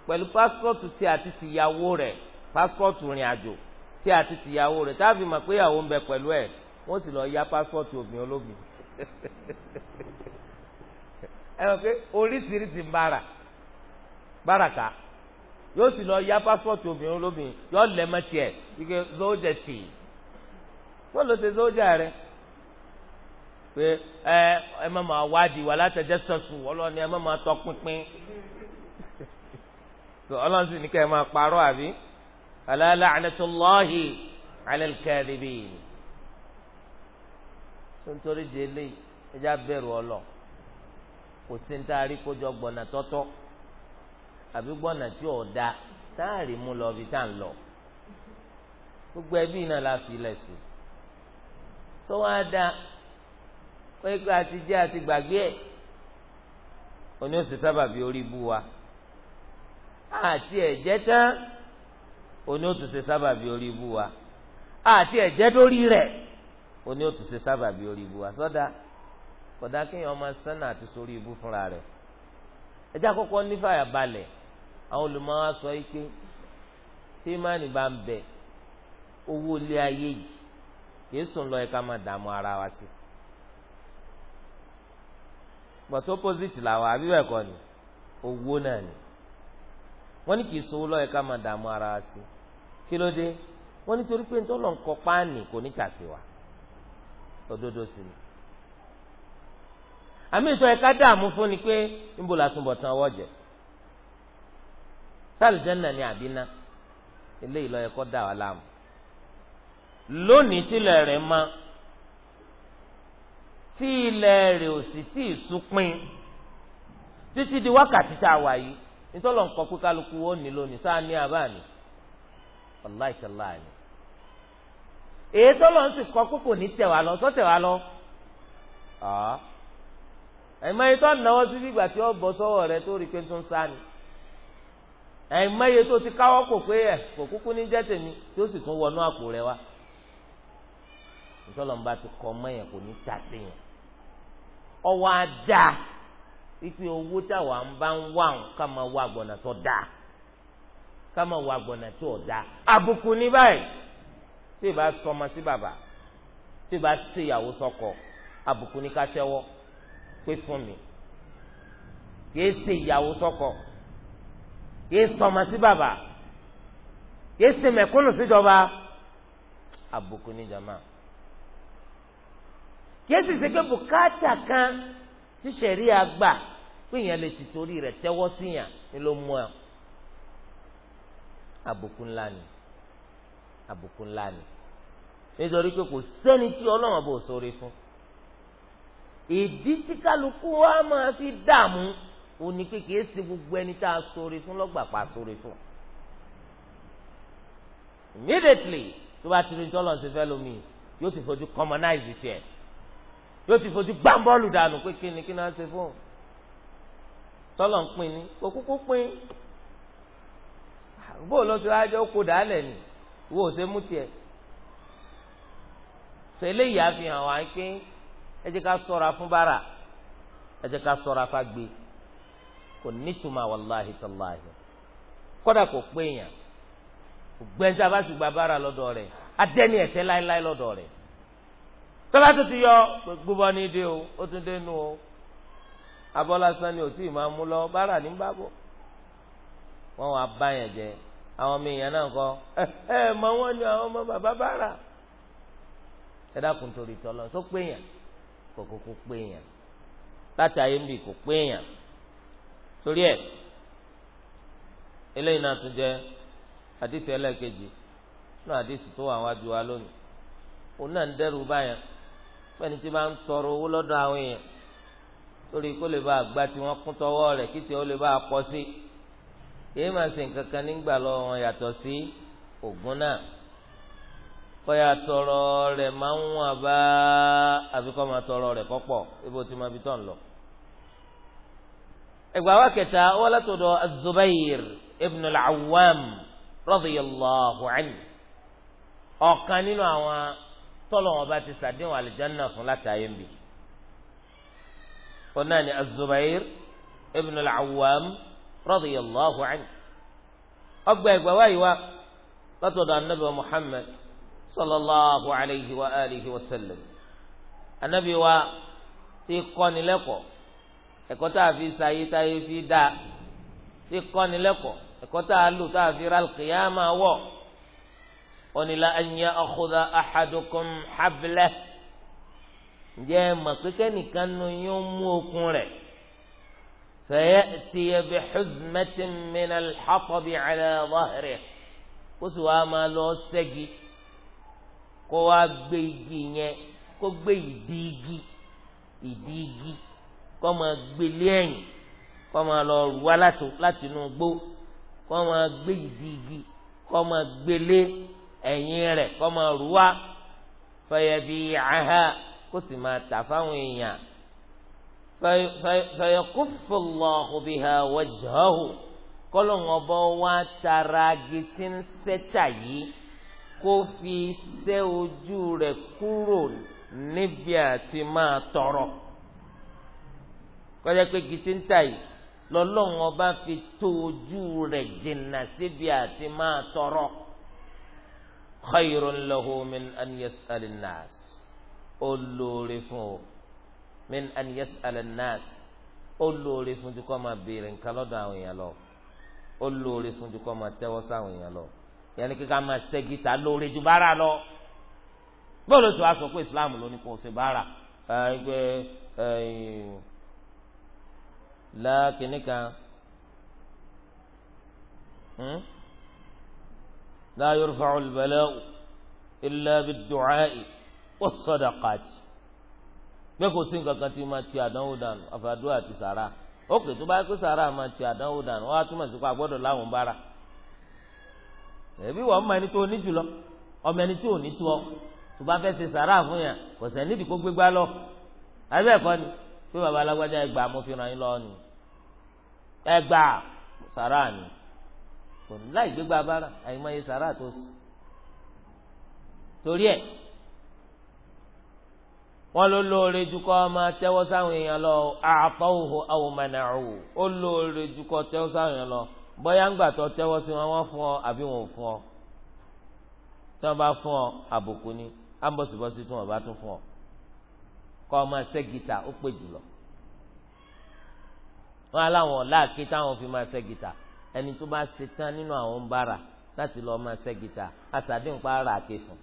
pẹ̀lú pásítọ̀tù tí àti tìyàwó rẹ̀ pásítọ̀tù rìn àjò tí àti tìyàwó rẹ̀ táàbì mọ̀ pé ìyàwó ń bẹ pẹ̀lú ẹ̀ wọ́n sì lọ ya pásítọ̀tù obìnrin olóbìn <laughs> ẹ mọ̀ pé oríṣiríṣi bára báraka yóò sì lọ ya pásítọ̀tù obìnrin olóbìn yóò lẹ́mọ̀ tiẹ̀ ike zóòjẹ̀ tì wọ́n lọ sí zóòjẹ̀ rẹ̀ pé ẹ ẹ má máa wádìí wà látẹjẹ sọsùn ọlọ́ni ẹ má máa tọpinpin so ọlọ́run sì ní kẹ́ ẹ máa parọ́ àbí ala la'natullahi ala nítorí délé ẹjá bẹ̀rù ọlọ kò sí ní tá kojọ kójọ gbọ̀nà tọ́tọ́ àbí gbọ̀nà tí ò da tá mú lọ bí tá à ń lọ gbogbo ẹbí náà la pé kí a ti jẹ́ àti gbàgbé ẹ̀ oní oṣù sábàbí orí bú wa àti ẹ̀jẹ̀ tán oní oṣù ṣe sábàbí orí bú wa àti ẹ̀jẹ̀ lórí rẹ̀ oní oṣù ṣe sábàbí orí bú wa sọ́dà kọ̀dá kéèyàn ọmọ sánà àti sórí ibú fúnra rẹ̀ ẹjẹ́ àkọ́kọ́ nífàyà balẹ̀ àwọn olùmọ̀wá sọ yìí pé tí imáàní bá ń bẹ owó ilé ayé yìí kìí sùn lọ ẹ̀ka máa dààmú ara wa sí but opposite làwọn àbí bẹ́ẹ̀ ni owó náà ni wọ́n ní kì í sowó lọ́yẹ̀ ká ara wa sí kí ló dé wọ́n nítorí pé nítorí lọ́nkọ́ páànì kò ní kà sí wa òdodo sí ni àmì ìtọ́ ẹ̀ka dààmú fún ni pé níbo la tán ọwọ́ jẹ sáà ni àbíná eléyìí lọ́yẹ̀ kọ́ dà wá láàmú lónìí rẹ̀ tí ilẹ̀ rẹ̀ ò sì tí ì súnpin títí di wákàtí tá a wà yìí nítorí nǹkan kó kálukú ó nílò ní sáà ní àbá ni wàláì sàlá ni èyí tó lọ sí kọ kókò ní tẹ̀wá lọ sọ tẹ̀wá lọ ẹ̀mọ́yé tó náwó sí ìgbà tí ó bọ́ sọ́wọ́ rẹ tó rí pé tó ń sá ni ẹ̀mọ́yé tó ti káwọ́ kò pé ẹ̀ kò kúkú ní jẹ́ tèmi tí ó sì tún wọnú àpò rẹ wá nítorí wọn ti kọ mọ́ yẹn kò ní tà sí yẹn ọwọ́ á dáa wípé owó táwa ń bá ń wà ń ká máa wá àgbọ̀nà tó dáa ká máa wá àgbọ̀nà tí ò dáa àbùkù ní báyìí tí ìbá sọmọ sí bàbá tí ìbá ṣèyàwó sọkọ àbùkù ní ká tẹ́wọ́ pé fún mi kìí ṣe ìyàwó sọkọ kìí sọmọ sí bàbá kìí ṣe mẹ̀kúnnù síjọba àbùkù ní jama kìí sì ṣe pé bùkátà kan tí sẹ̀rí àgbà pé èèyàn lè ti torí rẹ̀ tẹ́wọ́ síyàn ni ló mú ẹ àbùkù ńlá ni àbùkù ńlá ni nítorí pé kò sẹ́ni tí ọlọ́run bò sórí fún ìdí tí kálukú wa máa fi dààmú òní pé kìí gbogbo ẹni tá a sórí fún lọ́gbà sórí fún immediately tó bá ti rí tọ́lọ̀ ṣe fẹ́ lómi yóò sì fojú commonize tiẹ̀. yóò ti fojú gbá bọ́ọ̀lù dànù pé kí ni kí náà ṣe fóun sọlọ ń pin ni kò kúkú pin bó ló ti wáá ó kó dàálẹ̀ ni wo ò ṣe mú tiẹ̀ sọ eléyìí àfihàn wá pé ẹ jẹ́ ká sọ̀ra fún bàrà ẹ jẹ́ ká sọ̀ra fagbe kò nítumọ̀ wàláhi tàláhi kódà kò péyàn gbẹ́nsá bá gba bàrà lọ́dọ̀ rẹ̀ adẹ́ni ẹ̀tẹ́ láéláé lọ́dọ̀ rẹ̀. tọ́lá tó ti yọ gbogbo ní dé o ó tún dé nu o abọ́lásán ni ò tí ì máa mú lọ bára ní bábọ̀ wọ́n wá báyàn jẹ àwọn ọmọ èèyàn náà kọ́ ẹ ẹ mọ wọn ni àwọn ọmọ bàbá bára ẹ dákun torí tọ́lọ só péyàn kò kókó péyàn láti ayé ń bì kò péyàn torí ẹ eléyìí náà tún jẹ àdìsí ẹlẹ́ẹ̀kejì náà àdìsí tó wà wájú wa lónìí òun náà ń dẹ́rù báyàn pẹ́ni tí máa ń tọrọ owó lọ́dọ̀ àwọn èèyàn torí kó lè bá àgbà tí wọ́n kún tọwọ́ rẹ̀ kí tí ó lè bá a pọ̀ sí èyí máa ṣe nǹkan kan nígbà lọ wọn yàtọ̀ sí ògùn náà kọ́yà tọrọ rẹ̀ máa ń wọ̀n bá àfikọ́ máa tọrọ rẹ̀ kọ́pọ̀ ibo tí máa fi tọ̀ ń lọ. ẹgbàá wa kẹta wọ́n látọ̀dọ̀ az ibn al-Awwam radiyallahu anhu ọ̀kan nínú àwọn tọ́lọ́wọ́n bá ti sàdéhùn àlìjánná fún látàáyé nbì ọ̀nà ni az-Zubair ibn al-Awwam radiyallahu anhu ọgbà ẹgbà wáyé wa látọ̀dọ̀ anabi Muhammad sallallahu alayhi wa alihi wa sallam anabi wa ti kọ́ni lẹ́kọ̀ọ́ ẹ̀kọ́ tá a fi ṣayé tá a fi dá ti kọ́ni lẹ́kọ̀ọ́ ẹ̀kọ́ tá a lò tá a fi rà kìyàmá wọ̀ onílà anyá ọkùnrin ahadukum hablẹ ǹjẹ́ ẹ mọ̀ pé kẹ́nìkan nu yóò mú okun rẹ̀ fẹ̀yẹ́ tiẹ̀ bí xuzmẹ́tì mìíràn xaqọ́bì cẹlẹ̀ wáhìrì kó sì wàá máa lọ ṣẹ́gi kó wàá gbé igi yẹn kó gbé ìdí igi ìdí igi kó máa gbélé ẹ̀yìn kó máa lọ wá láti inú gbó kó máa gbé ìdí igi kó máa gbélé ẹ̀yìn. ẹ̀yìn rẹ̀ kọ́ máa rú wá fẹ̀yẹ̀bì àhà kó sì máa tà fáwọn èèyàn ha wá tara gẹ̀tì ń sẹ́tà yìí kó fi sẹ́ ojú rẹ̀ kúrò níbi àti máa tọrọ kọjá pé gẹ̀tì ń tà yìí fi tó ojú rẹ̀ jìnnà síbi àti máa tọrọ. khayrun lahu min an yas'ala an-nas ó lóore fún o min an yas'ala an-nas ó lóore fún ju kó máa béèrè nǹkan lọ́dọ̀ àwọn èèyàn lọ ó lóore fún ju kó máa tẹ́wọ́ sáwọn èèyàn lọ yẹn kíkà máa ṣẹ́gi ta lóore ju bára lọ bọ́ọ̀lù tó a sọ pé islam ló ní kò sí bára ẹgbẹ́ lákìnnìkan. لا يرفع البلاء إلا بالدعاء والصدقات bẹ́ẹ̀ kò sí nǹkan kan tí máa ti àdánwò dànù àfàdúrà àti sàrà ókè tó bá pé sàrà máa ti àdánwò dànù wọ́n á túmọ̀ sí pa gbọ́dọ̀ láwọn bára ẹ̀bí wọ́n mọ ẹni tó ní jùlọ ọmọ ẹni tó ní tó ọ tó bá fẹ́ ṣe sàrà fún yàn kò sẹ́ nídìí kó gbégbá lọ àbí ẹ̀kọ́ ni pé bàbá ẹgbàá mo fi ràn yín lọ́ọ́ ni ẹgbàá sàrà ni kò ní láì gbégbá bára àìmọye sàrà tó sì torí ẹ wọn ló lóore jukọ máa tẹ́wọ́ sáwọn èèyàn lọ àtọwò àwòmánàwò ó lóore jukọ tẹ́wọ́ sáwọn èèyàn lọ bóyá ńgbà tó tẹ́wọ́ sí wọn wọ́n fún ọ àbí wọn ò fún ọ tí wọ́n bá fún ọ àbùkù ni ambọ̀sibọ́sí tí wọ́n bá tún fún ọ kọ́ ọ máa ṣe gìtà ó pè jùlọ wọn aláwọn láàkí táwọn fi máa ṣe ẹni tó bá ṣe tán nínú àwọn ń bára láti lọ́ọ́ máa ṣe gìtà àṣàdéhùn pa ara àké fún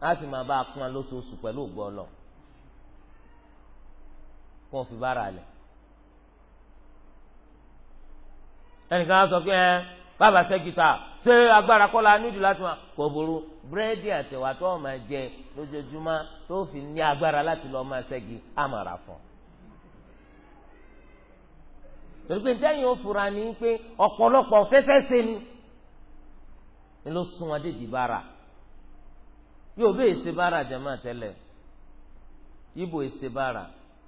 a sì máa bá a kún alóṣooṣù pẹ̀lú ògbọ́lọ̀ kó o fi bára lẹ̀ ẹnìkan á sọ pé ẹ bàbá ṣe gìtà ṣé agbára kọ́ la nídìí láti máa kò burú búrẹ́dì àtẹ̀wà tó o máa jẹ lójoojúmọ́ tó fi ní agbára láti lọ́ọ́ máa ṣẹ́gi àmàrà fún un torí pé dẹ́yìn ó fura ní pé ọ̀pọ̀lọpọ̀ fẹ́fẹ́ ṣe ni ni ló sún wọn dédìí bára yóò bẹ́ẹ̀ ṣe bára jẹ́mọ́ tẹ́lẹ̀ ibo ṣe bára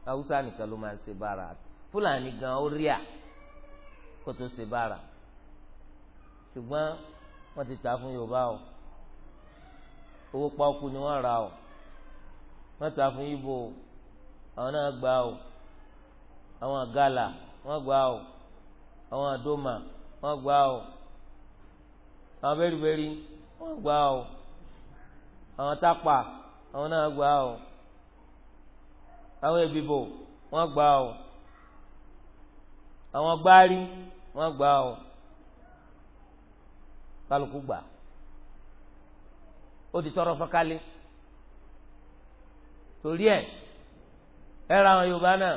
haúsá nìkan ló máa ṣe bára fúlàní gan ó rí tó ṣe bára ṣùgbọ́n wọ́n ti tà fún yorùbá o owó pọ́ọ́kú ni wọ́n ra o wọ́n tà fún ibo àwọn náà gbà o àwọn gàlà wọ́n gbà o àwọn àdómà wọ́n gbà o àwọn bẹ́rìbẹ́rì wọ́n gbà o àwọn tápà àwọn náà gbà o àwọn èbìbò wọ́n gbà o àwọn gbárí wọ́n gbà o kálukú gbà ó ti tọrọ fọkálẹ̀ torí ẹ̀ ẹ ra àwọn yorùbá náà.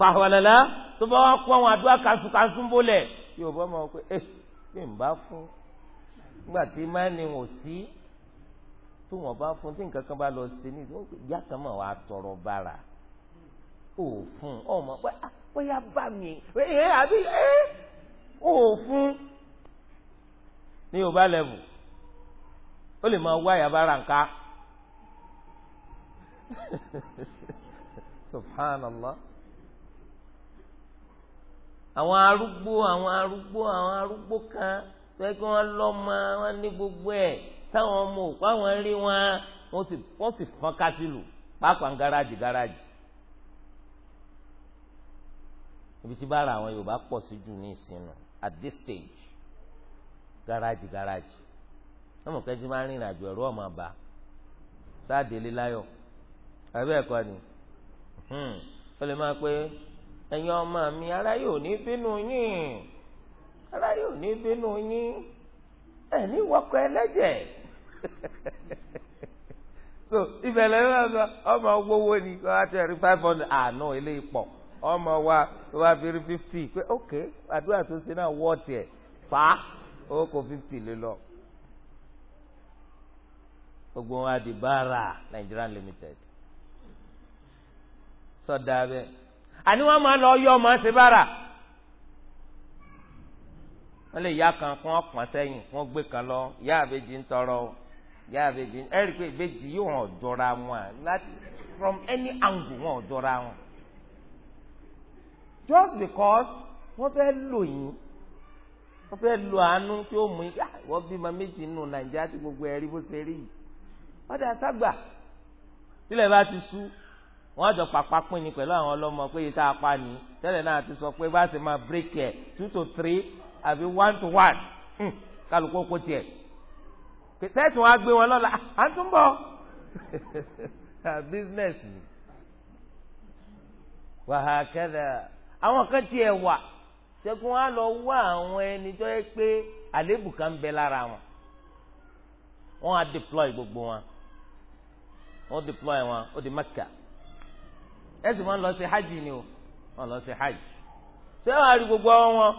fàwọlẹ́lá tó bá wá kó àwọn àdúrà kásùkásù bólẹ̀ yóò bá máa wọ pé ẹ eh, bí n bá fún nígbà tí mẹ́ni ò sí tó wọ́n bá fún tí nǹkan kan bá lọ sí ní ìsìn ìyá kan máa wà á tọrọ bàrà ò fún ọmọ pé ah, bóyá bá mi ẹ eh, àbí ẹ eh, ò fún ní yorùbá lẹ́bù ó lè máa wá yàrá nǹka <laughs> subhanallah àwọn arúgbó àwọn arúgbó àwọn arúgbó kan tó yẹ kí wọ́n lọ́mọ wọn ní gbogbo ẹ̀ táwọn ọmọ òkú àwọn rí wọn wọ́n sì fọ́n kásìlù pàápàá gáràjì gáràjì. ibi tí bára àwọn Yorùbá pọ̀ sí jù ní ìsinmi at this stage gáràjì gáràjì ọmọ kẹjú máa ń rìnrìn àjò ẹ̀rọ ọmọ àbá sáà délé láyọ̀ ẹ̀bẹ́ ẹ̀kọ́ ni hmm. ó lè máa pé. ẹ̀yin ọmọ mi ara yóò ní bínú yín ara yóò ní bínú ẹ̀ <laughs> so ìbẹ̀lẹ̀ náà sọ ọmọ gbowó ni kọ́ àti ẹ̀rí five hundred àánú ah, ilé ipọ̀ ọmọ wa wa fi rí fifty pé ok àdúrà tó ṣe náà wọ́ tiẹ̀ fà á kó fifty lé lọ gbogbo wọn adìbára limited sọ so, àní wọ́n máa lọ yọ ọmọ ṣe bára wọ́n lè ya kan kún ọ̀pọ̀n sẹ́yìn wọ́n gbé kan lọ ya àbejì ń tọrọ ya àbejì ẹ rí i pé ìbejì yóò hàn jọra wọn láti from any angle wọn ò jọra wọn just because wọ́n fẹ́ lò yín wọ́n fẹ́ lo àánú tí ó mú yín ah, wọ́n bímọ méjì nù nàìjíríà tí gbogbo ẹ̀rí bó ṣe rí yìí wọ́n dà ságbà tílẹ̀ bá ti sú wọ́n jọ pàpà pín ni pẹ̀lú àwọn ọlọ́mọ pé yìí tá a pa ni tẹ́lẹ̀ náà ti sọ pé bá a ti máa break ẹ̀ two to three àbí one to one hmm, kálukú kó tiẹ̀ sẹ́ẹ̀tì wọn á gbé wọn lọ́la à ń tún bọ̀ <laughs> business ni wàhákẹ́dà àwọn kan tiẹ̀ wà ṣẹ́gun á lọ wá àwọn ẹni tó yẹ pé àléébù kan bẹ lára wọn wọ́n á deploy gbogbo wọn wọ́n deploy wọn ó di Mẹ́kà ẹ̀sìn wọn lọ sí hajj ni o wọn lọ sí hajj ṣé wàá rí gbogbo ọwọ́ wọn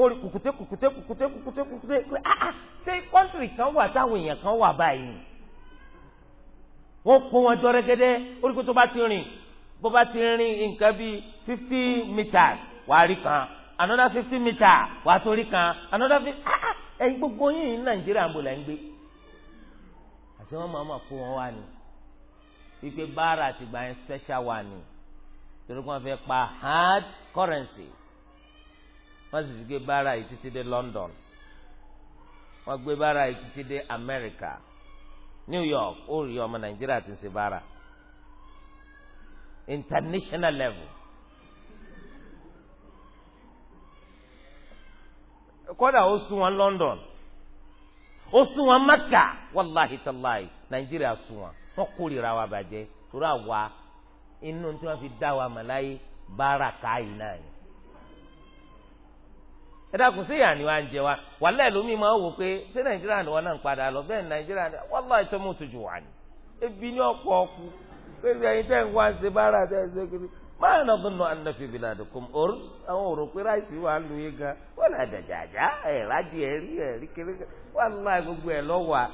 wọn rí kùkùté kùkùté kùkùté kùkùté kùkùté ah, ah ṣé kọ́ńtìrì kan wà táwọn èèyàn kan wà báyìí wọn kó wọn jọrẹgẹdẹ oríkó tó bá ti rìn bó bá ti rìn nǹkan bíi fifty meters wàá rí kan another fifty meter wàá tó rí kan another fifty ah, ah ẹ̀yin gbogbo yín ní nàìjíríà ń bò lẹ́ ń gbé àti wọn máa ma kó wọn wá ní wípé báárà àtìgbà yẹn special wà ní torí wọ́n fẹ́ pa hard currency wọ́n sì fi gbé bára yìí títí dé London wọ́n gbé bára yìí títí dé America New York ó rí ọmọ Nàìjíríà ti ń ṣe bára international level. kódà ó sún wọn London ó sún wọn Mẹ́kà wàláhi tàláhi Nàìjíríà sún wọn wọ́n kórìíra wa bàjẹ́ torí àwa inú tí fi dá wa mọ̀ láyé báràkà yìí náà ni. ẹ dákun sí ìyá ni ń jẹ wa wàlẹ́ lómi máa wò pé ṣé nàìjíríà ni wọn náà ń padà lọ bẹ́ẹ̀ nàìjíríà ni wọ́n lọ́ọ́ ìtọ́ mọ́tò jù wà ní. ebi ní ọ̀pọ̀ ọkù pé ẹyin tẹ́ ń wá ṣe bára tẹ́ ń ṣe kiri máa nà gbọ́n náà nàfi bìlàdì kùm òru àwọn òrò pé ráìsì wà lù yín gan wọn là dàjàjà kiri wọn gbogbo ẹ̀ lọ́wọ́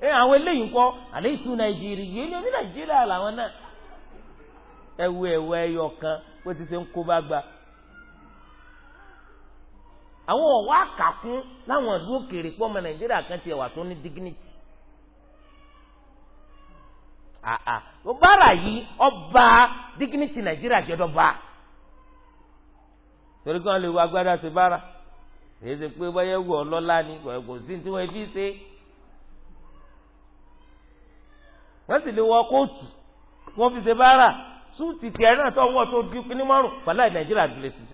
ẹ àwọn eléyìí ńkọ́ àlẹ́ ìsú nàìjíríà yìí ni oní nàìjíríà làwọn náà ẹwu ẹwọ ẹyọ kan bó ti ṣe ń kó bá gba àwọn ọ̀wá àkàkún láwọn ìlú òkèèrè pọ̀ ọmọ nàìjíríà kan ti ẹ̀wà tó ní dignity àà ó bára yìí ọba dignity nàìjíríà jẹ́dọ̀ba torí kí wọ́n lè wọ agbádá ti bára èyí ṣe pé báyẹ̀ ni kò wọ́n sì lè wọ kóòtù wọ́n fi ṣe báárà súùtì tiẹ̀ náà tó wọ́ tó dín ní márùn pàlà nàìjíríà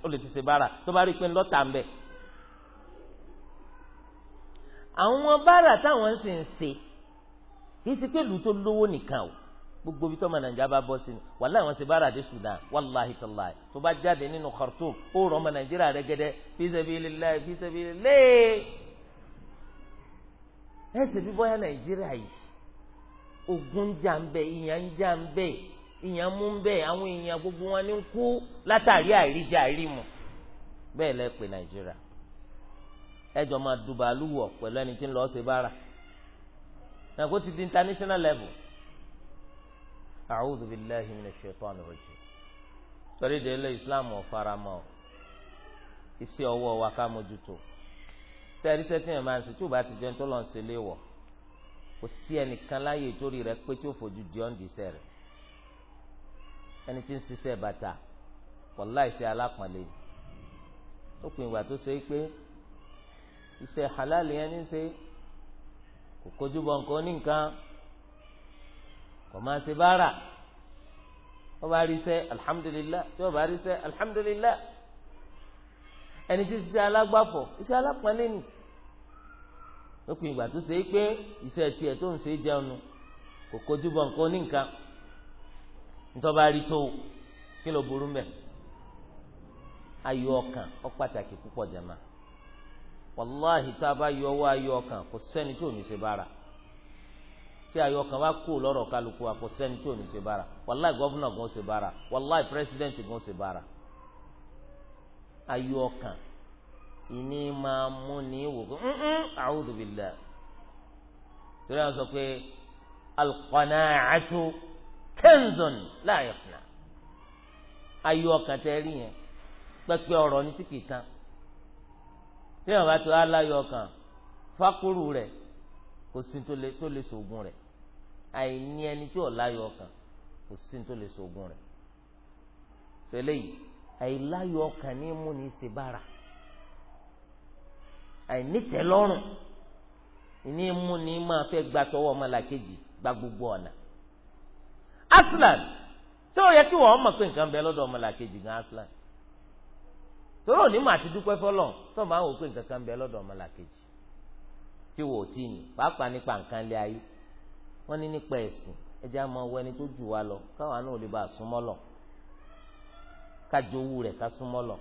ó lè ti ṣe báárà tó bá rí i pé lọ́tà ń bẹ̀. àwọn báárà táwọn sì ń ṣe kì í ṣe pé ìlú lówó nìkan o gbogbo bí tọ́mọ nàìjíríà bá bọ́ sí ni wàláì wọn ṣe bára dé Sudan wàláhi tàláì tó bá jáde nínú Khartoum ó rọ ọmọ nàìjíríà rẹ gẹdẹ fisabilillahi fisabilillahi ẹ ogun jà ń bẹ ìyàn ń jà ń bẹ ìyàn mú ń bẹ àwọn èèyàn gbogbo wọn ní ń kú látàrí àìríjà àìrímu bẹ́ẹ̀ lẹ pé nàìjíríà ẹjọ́ máa dùbàlúwọ̀ pẹ̀lú ẹni tí ń lọ ṣe bára nàkó ti di international level a'udhu billahi minash shaitani rajim torí de ilé islam ọ̀farama ọ̀ Isi ọwọ́ wa ká mójútó sẹ́ẹ̀rí sẹ́tìmẹ̀ máa ń ṣe tí ò bá ti jẹun tó lọ́n ṣe léwọ̀ kò sí ẹnìkan láàyè torí rẹ pé tí ó fojú di ọ́n di iṣẹ́ rẹ̀ ẹni tí ń ṣiṣẹ́ bàtà pọ̀ láìsí alápọ̀nlé ó pin ìgbà tó ṣe é pé iṣẹ́ halal yẹn ní ṣe kò kojú bọ̀ nǹkan oníǹkan kò máa ṣe bára ó bá rí iṣẹ́ alhamdulillah tí ó bá rí iṣẹ́ alhamdulillah ẹni tí ń ṣiṣẹ́ alágbàfọ̀ iṣẹ́ alápọ̀nlé nìyí. lópin ìgbà tó ṣe é pé iṣẹ́ tiẹ̀ tó ń ṣe é jẹun kò kojú bọ̀ nǹkan oníǹkan ntọ́ba rí tó kí ló burú mbẹ́ ayọ̀ ọkàn ó pàtàkì púpọ̀ jẹ̀mọ́ wàláhì tá a bá yọ owó ayọ̀ ọkàn kò sẹ́ni tí ní ṣe bára tí ayọ̀ ọkàn bá kú lọ́rọ̀ kálukú wa kò sẹ́ni ìní máa mú ní wò pé a'udhu billah torí àwọn sọ pé al-qana'atu kanzun la yafna ayọ̀ ọkàn tẹ́ rí yẹn pẹ́pẹ́ ọ̀rọ̀ ní tí kì í tán tí wọn bá ti wá ọkàn fákúrú rẹ̀ kò sí tó lè sògùn rẹ̀ àìní ẹni tí ò ọkàn kò sí tó lè sògùn rẹ̀ tẹ́lẹ̀ yìí àìláyọ̀ ọkàn ní mú ṣe bára àìnítẹ̀lọ́rùn ìní mú ni máa fẹ́ gba tọwọ́ ọmọlàkejì gba gbogbo ọ̀nà aslan ṣé ó yẹ kí wọ́n mọ̀ pé nǹkan bẹ lọ́dọ̀ ọmọlàkejì gan aslan torí òní mà ti dúpẹ́ fọlọ́ tó máa wò pé nǹkan kan bẹ lọ́dọ̀ ọmọlàkejì tí wò ó tí ì ní pàápàá nípa nǹkan lé ayé wọ́n ní nípa ẹ̀sìn ẹja máa wọ ẹni tó jù wá lọ káwọn náà lè bá a súnmọ́ lọ kájọ owó rẹ̀ ká súnmọ́ lọ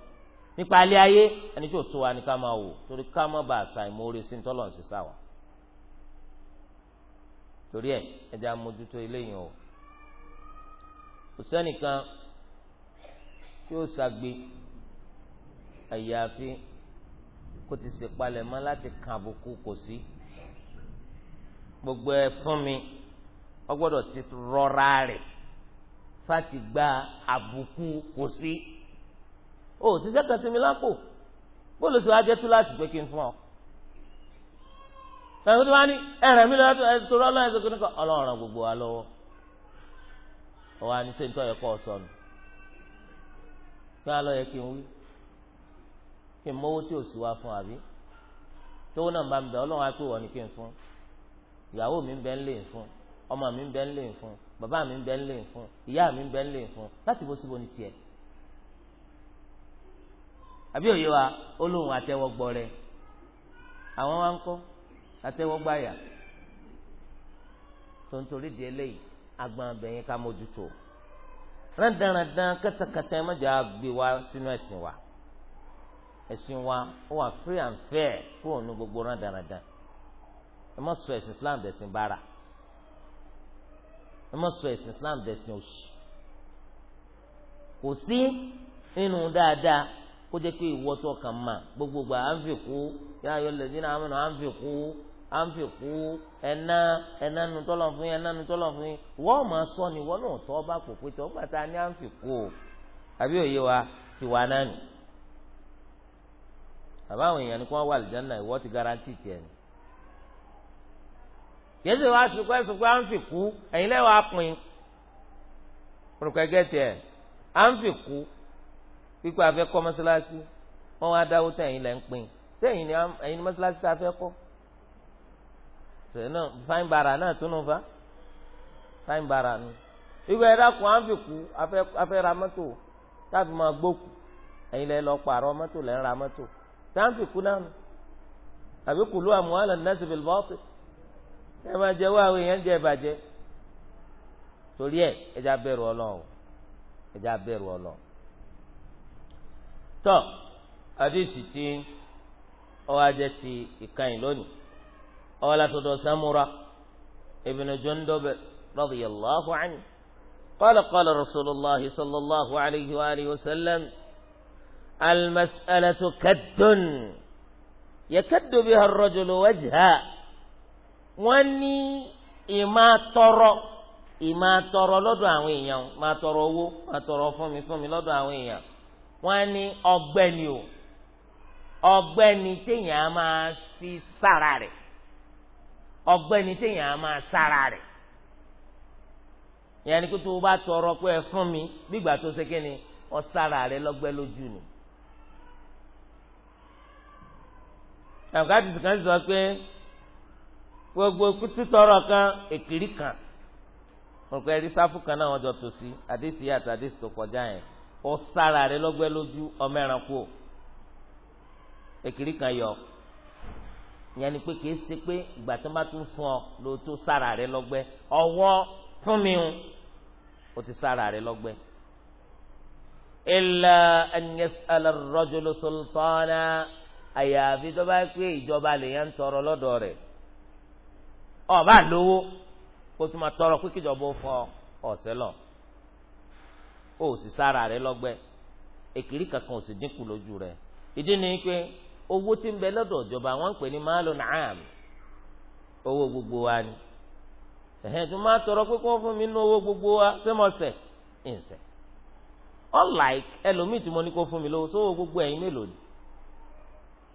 nípa alẹ́ ayé ẹni tí ò tó wa ni ká máa wò torí ká má bàa ṣàìmóore sí ntọ́lọ̀ ń sísá wa torí ẹ ẹja mójútó eléyìí o kò sẹ́nìkan tí ó ṣàgbé àyàfi kó ti ṣèpalẹ̀mọ́ láti kàn àbùkù kò sí gbogbo ẹ fún mi ọ gbọ́dọ̀ ti rọra rẹ̀ fati gba àbùkù kò sí o ò ṣiṣẹ́ kan sí mi lápò bóòlù tí wàá jẹ́ tú láti pé kí n fún ọ. ẹ̀rọ tó bá ní ẹ̀rẹ̀ mi lọ́wọ́ ẹ̀sọ́ lọ́wọ́ ẹ̀sọ́ kí ni kọ́ ọlọ́run ràn gbogbo wa lọ́wọ́ ọ̀wá ni ṣé ń tọ́ yẹ kọ́ ọ sọnù kí wàá lọ yẹ kí n wí kí n mówó tí ò sí wa fún àbí tówó náà bá mi bẹ̀ ọlọ́run á pè wọ́n ni kí n fún ìyàwó mi ń ń lè fún ọmọ mi ń ń lè fún bàbá mi ń ń lè fún ìyá mi ń ń lè fún láti bó síbo ni tiẹ̀ àbí òye wa ó lóun àtẹwọgbọ rẹ àwọn wa ń kọ àtẹwọgbàyà tó ń torí di eléyìí agbọn abẹyẹn ká mójútó rádaràdán kẹtẹkẹtẹ mọjà gbé wa sínú ẹsìn wa ẹsìn wa ó wà free and fair kúrò ní gbogbo rádaràdán ẹ má sọ ẹsìn Islam dẹsìn bára ẹ má sọ ẹsìn Islam dẹsìn òṣì kò sí nínú dáadáa kó jẹ́ pé ìwọ tó kàn mà gbogbogbò à ń fi kú yá ayọ̀ lẹ́dí náà àmọ́ à ń fi kú à ń fi kú ẹ̀ná ẹ̀ná nu tọ́lọ̀ fún yín ẹ̀ná nu tọ́lọ̀ fún yín wọ́n máa sọ ni wọ́n náà tọ́ bá pò pé tọ́ gbàtà ni à ń fi kú o àbí òye wa ti wà náà nì. bàbá àwọn èèyàn ni kí wọ́n wà àlùjánnà ìwọ ti garanti tiẹ̀ ni. yẹ́sẹ̀ wá sùpẹ́ sùpẹ́ à ń fi kú ẹ̀yin lẹ́wọ̀ á pin. olùkọ́ ẹgẹ́ tiẹ̀ à ń fi kú pípé afẹ́ kọ́ mọ́sálásí wọ́n wá dáwó tán ẹ̀yin lẹ́ ń pín sẹ́yìn ni ẹ̀yin mọ́sálásí tá a fẹ́ kọ́ sẹ́yìn náà fáìn bàrà náà tún nù fa fáìn bàrà nù ìgbà ẹ̀dá kù á ń fi kú afẹ́ ra mọ́tò táàbì máa gbókù ẹ̀yin lẹ́ lọ pààrọ̀ mọ́tò lẹ́ ń ra mọ́tò tá à kú náà nù àbí kùlú àmúhálà nẹ́sì bìlì bọ́ọ̀tì ẹ máa jẹ àwọn èèyàn tọ́ àdìsí tí ọwọ́ ajẹ́ ti ìkànnì lónìí ọwọ́ látọ̀dọ̀ Samura ibn Jundub radiyallahu anhu قال قال رسول الله صلى الله عليه وآله وسلم المسألة كد يكد بها الرجل وجها wọ́n ní ìmá tọrọ ìmá tọrọ lọ́dọ̀ àwọn èèyàn máa tọrọ owó máa tọrọ fún mi fún mi lọ́dọ̀ àwọn èèyàn wọ́n ní ọgbẹ́ ni o ọgbẹ́ ni téèyàn á máa fi sára rẹ̀ ọgbẹ́ ni téèyàn á máa sára rẹ̀ ìyẹn ni kótó bá tọrọ pé ẹ fún mi bígbà tó ṣe kí ni ọ sára rẹ̀ lọ́gbẹ́ lójú ni. àgbàdìsí kan sọ pé gbogbo títọrọ kan èkìrí kan òkú ẹrí sáfù kan náà wọ́n jọ tòsí àdéhìí àti àdéhìí tó kọjá yẹn ọ̀sára rẹ lọ́gbẹ́ lójú ọmọ ẹranko èkìrí kan yọ ìyẹn ni pé kìí ṣe pé ìgbà tó bá tún fún ọ ló tó sára rẹ lọ́gbẹ́ ọwọ́ fún mi ń o ti sára rẹ lọ́gbẹ́. illa an yas'ala ar-rajulu sultana àyàfi tó bá pé ìjọba lèèyàn ń tọrọ lọ́dọ̀ rẹ̀ ọba lówó kó tó máa tọrọ pé kíjọba ó fọ ọ̀sẹ̀ lọ. o sì sára rẹ̀ lọgbẹ èkìrí kankan ò sì dínkù lójú rẹ̀ ìdí ni pé owó tí ń bẹ lọ́dọ̀ ìjọba wọ́n ń pè ní máàlù nàám owó gbogbo wa ni ẹ̀hẹ́n tó máa tọrọ pé kí mi ní owó gbogbo wa sẹ́mọ̀sẹ̀ ìǹsẹ̀ unlike ẹlòmíì tí mo ní kó mi lówó sówó gbogbo mélòó ni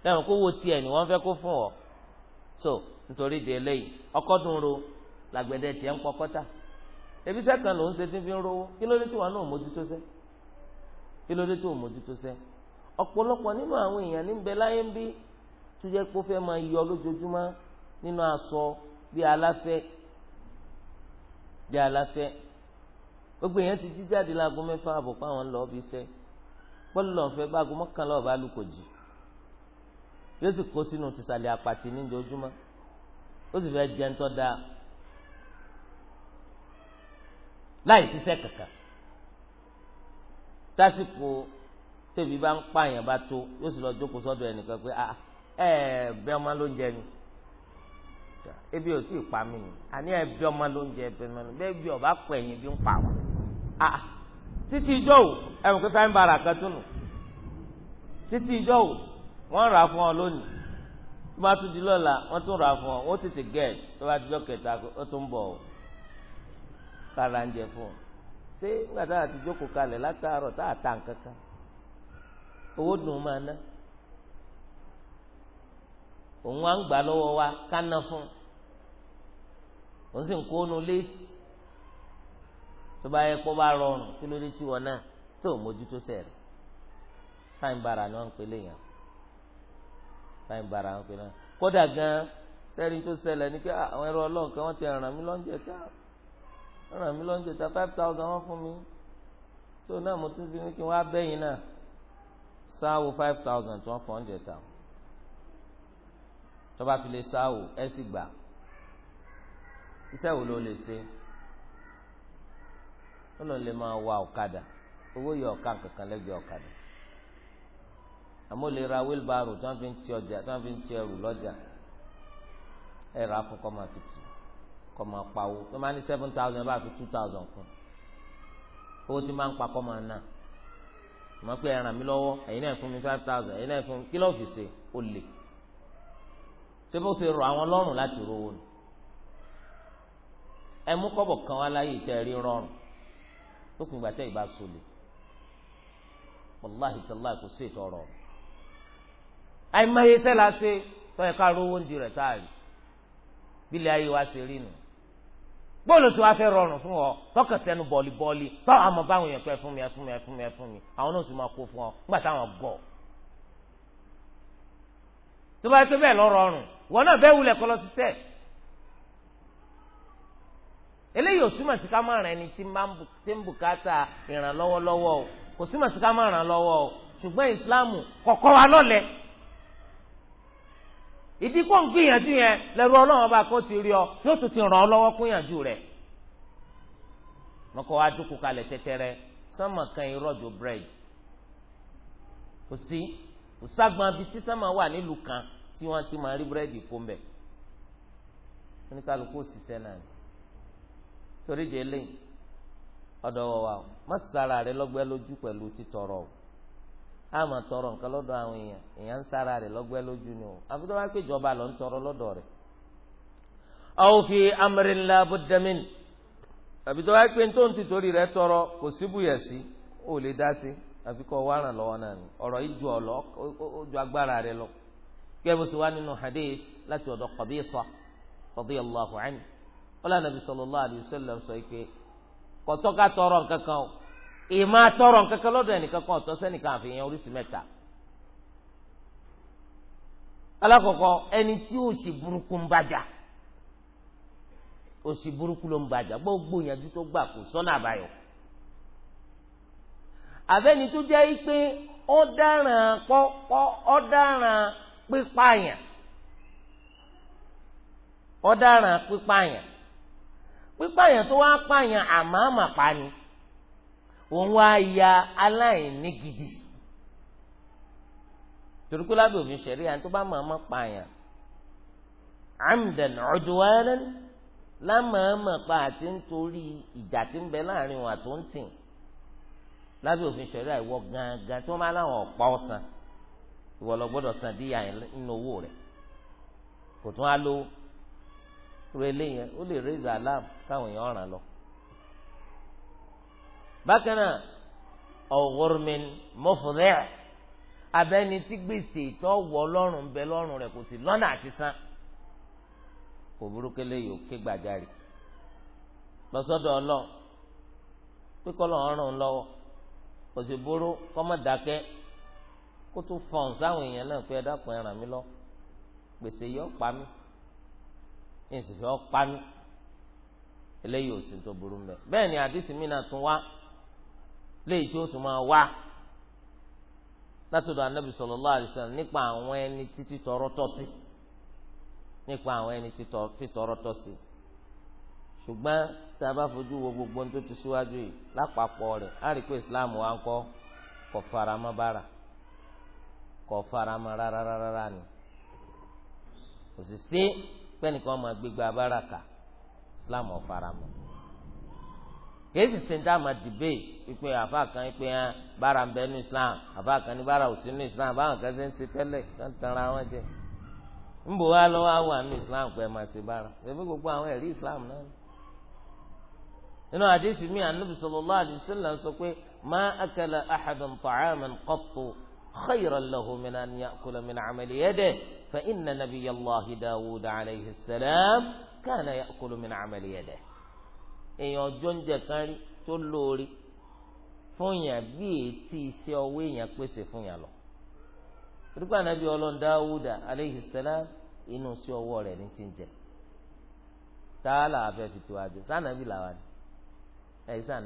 lẹ́yìn kó wo tiẹ̀ ọ so nítorí di eléyìí ọkọ́dúnrún làgbẹ̀dẹ tiẹ̀ ń pọkọ́ta ebi sẹ́kàn ló ń ṣe tí ń fi ń rówó kí ló dé tí wàá náà mójútó sẹ́ kí ló dé tí ò mójútó sẹ́ ọ̀pọ̀lọpọ̀ nínú àwọn èèyàn ní bẹ láyé ń bí tó jẹ́ pé ó fẹ́ máa yọ lójoojúmọ́ nínú aṣọ bíi aláfẹ́ jẹ́ aláfẹ́ gbogbo èèyàn ti jí jáde láago mẹ́fà àbọ̀ páwọn lọ́ọ́ bí sẹ́ bọ́ọ̀lù lọ́nfẹ́ báago mọ́kànlá ọ̀bá lukò jì yóò sì kó sínú tìsàlẹ̀ àpàtì níjọ́júmọ́ ó sì fẹ́ jẹun tó dáa láì ṣiṣẹ́ kankan tásìkò tèmi bá ń pààyàn bá tó yóò sì lọ jókòó sọ́dọ̀ ẹnìkan pé a ah, ẹ bẹ ọmọ ló ń jẹ ni ebi ò tí ì pa mí ni àní ẹ bẹ ọmọ ló ń jẹ bẹ ọmọ ló ń jẹ bí ọba pọ ẹyin bí ń pa wọn a ah, títí ijó o ẹwọn pípa ń bara kan tún nù títí ijó o wọn rà fún ọ lónìí tó bá tún di lọ́la wọn tún rà fún ọ wọn tètè gẹẹt tó bá tún jọ kẹta ó tún bọ̀ o. kára ń jẹ fún ṣé a ti kalẹ̀ látàárọ̀ tá a ta nǹkan owó dùn máa ná òun ń gbà lọ́wọ́ wa ká fún òun sì ń kó nu léèsì tó bá yẹ kó bá rọrùn kí ló dé bara ni wọ́n ń pele yàn bara wọn pele yàn kódà gan sẹ́ẹ̀rì tó ṣẹlẹ̀ pé ah, àwọn ọlọ́ọ̀kan wọ́n ti ràn mí lọ́njẹ́ káà. wọ́n ràn mí lọ́njọ́ ta five thousand wọ́n fún mi tó náà mo tún fi ní kí wọ́n á bẹ́yìn náà sáwó five thousand tí wọ́n fọ́ hundred ta tọ́ba fi lè sáwó ẹ sì gbà iṣẹ́ wo ló lè ṣe ó lọ lè máa wa ọ̀kadà owó yẹ ọ̀ka kankan lẹ́gbẹ̀ẹ́ ọ̀kadà àmọ́ lè ra wheelbarrow tí wọ́n fi ń ti ọjà tí wọ́n fi ń ti ẹrù lọ́jà ẹ̀ rà máa fi tì í kọ́ máa pa owó tó máa ní seven thousand bá fi two thousand kún owó tí máa ń pa kọ́ máa ná mọ̀ pé ẹran mi lọ́wọ́ ẹ̀yin náà fún mi five thousand ẹ̀yin náà fún mi kí ló fi ṣe ó lè ṣé bó ṣe rọ àwọn lọ́rùn láti rówó ni ẹ mú kọ́bọ̀ kan wá láyé ìtẹ́ rí rọrùn ó kùn gbàtẹ́ ìbá sọlẹ̀ wàláhì tàláhì kò sí ìtọ́ rọrùn àìmọye sẹ́la ṣe tọ́ ẹ̀ka rówó ń di rẹ̀ táàrí bílẹ̀ ayé wa ṣe rí nù bọ́ọ̀lù tí wàá fẹ́ rọrùn fún ọ tọkàn sẹ́nu bọ́ọ̀lì bọ́ọ̀lì tọ́ àmọ́ báwọn èèyàn pẹ́ fún mi ẹ fún mi ẹ fún mi fún mi àwọn náà sì máa kó fún ọ nígbà táwọn gọ̀. tó bá bẹ́ẹ̀ lọ rọrùn wọn náà bẹ́ẹ̀ wulẹ̀ kọlọ sísẹ́. eléyìí ò túmọ̀ sí ká má ràn ẹni tí ń bùkátà ìrànlọ́wọ́lọ́wọ́ o kò túmọ̀ sí wa lọ́lẹ̀ ìdí kò ń gbìyànjú yẹn lẹ́rù ọlọ́run ọba kò ti rí ọ yóò tún ti ràn ọ́ lọ́wọ́ kó yànjú rẹ̀ mọ́kọ́ wa dúkù kalẹ̀ tẹ́tẹ́rẹ́ sánmà kan ìrọ̀jò bread kò sí kò ságbọn abi tí sánmà wà nílùú kan tí wọ́n ti máa rí búrẹ́dì kó ń bẹ̀ oníkàlùkù òṣìṣẹ́ náà ni torí délé ọ̀dọ̀ wọ̀ wá má sára rẹ lọ́gbẹ́ lójú pẹ̀lú títọrọ o á máa tọrọ nǹkan lọ́dọ̀ àwọn èèyàn èèyàn ń sára rẹ̀ lọ́gbẹ́ lójú ni o àfi tó bá pé ìjọba lọ ń tọrọ lọ́dọ̀ rẹ̀. aw fi amrin la budda min àbí tó bá pé tó ń tìtorí rẹ̀ tọrọ kò síbùyẹ̀ sí ó lè dá sí àfi kọ́ wá ràn lọ́wọ́ náà ni ọ̀rọ̀ yìí ju ọ̀lọ́ ó ju agbára rẹ̀ lọ. kí ẹ bó ti wá nínú hadith láti ọ̀dọ̀ Qabisa sọ pé kò tọ́ ká tọrọ ìmọ̀ atọ́rọ̀ kankan lọ́dọ̀ ẹnìkan kan ọ̀tọ́ sẹ́nìkan àfihàn oríṣi mẹ́ta. alákọ̀ọ́kọ́ ẹni tí òṣì burúkú ń bàjá burúkú ló ń bàjá gbogbo ìyànjú tó gbà kò sọ́nà àbáyọ. àbẹ́ni tó jẹ́ pé ọ̀daràn pọ́pọ́ ọ̀daràn pípààyàn ọ̀daràn pípààyàn pípààyàn tó wá pààyàn àmọ́ ni. òun wá ya aláìní gidi torípé lábẹ́ òfin ṣẹ̀rí à ń tó bá máa má pààyàn amdan lámàámà pa àti nítorí ìjà tí ń bẹ láàrin wọn àti ń tì lábẹ́ òfin ṣẹ̀rí àìwọ gangan tí wọ́n bá láwọn ọ̀pá ọ̀sán ìwọ lọ gbọ́dọ̀ san díyà nínú owó rẹ̀ kò tún á lówó rẹ̀ ó lè káwọn èèyàn lọ. bákan náà ọ̀wọ́rọ̀mìn mọ́fọ́lẹ́ abẹ́ni tí gbèsè ìtọ́wọ́ lọ́rùn bẹ lọ́rùn rẹ̀ kò sí lọ́nà àti san kò burúkú eléyìí ò ké gbàjarì lọ́sọ́dọ̀ ọlọ́run pé kọ́ lọ́run ràn lọ́wọ́ kò sì burú kọ́mọ dákẹ́ kó tún fọ̀n sáwọn èèyàn náà pé ẹ dákun ẹ lọ gbèsè yọ pa mí ìsìfẹ́ ọ pa mí eléyìí ò sí tó burú mbẹ bẹ́ẹ̀ àdìsí mi náà tún wá léyìí tí ó tún máa wá látọ̀dọ̀ anábì sallallahu alaihi wasallam nípa àwọn ẹni títí tọrọ tọ́ sí nípa àwọn ẹni títọrọ tọ́ sí ṣùgbọ́n tá a bá fojú wo gbogbo ohun tó ti síwájú yìí lápapọ̀ rẹ̀ á rí islam wa ń kọ́ kò faramọ́ bára kò faramọ́ rárá rárá ni kò sì sí pẹ́ẹ́nìkan máa gbégbá bára kà islam ò faramọ́. kéèsì sèǹtà máa debate pípé àfa kan pípé hàn bára ń bẹ ní islam àfa kan ní bára òsì ní islam báwọn kan ṣe ń ṣe tẹ́lẹ̀ kan tanra wọn jẹ ń bò wá lọ́wọ́ àwọn àmì islam pé máa ṣe bára ẹ̀fẹ́ gbogbo àwọn ẹ̀rí islam náà ni. inú àdéhùn mi ànúbì ànábì sallallahu alaihi wasallam sọ pé ma akala ahadun ta'aman kọ́tù khayran lọ́hùn mi náà ni min mi náà fa inna nabiyyallahi Dawud alayhi salam èèyàn ọjọ́ oúnjẹ kan rí tó lóore fún yàn bí ètí iṣẹ́ ọwọ́ èèyàn pèsè fún yàn lọ. torípé ànábì ọlọ́run dáwúdà aleyhi inú sí ọwọ́ rẹ̀ ní ti ń jẹ tá a là á fi tiwájú sànàbì làwa ni ẹ̀yìn o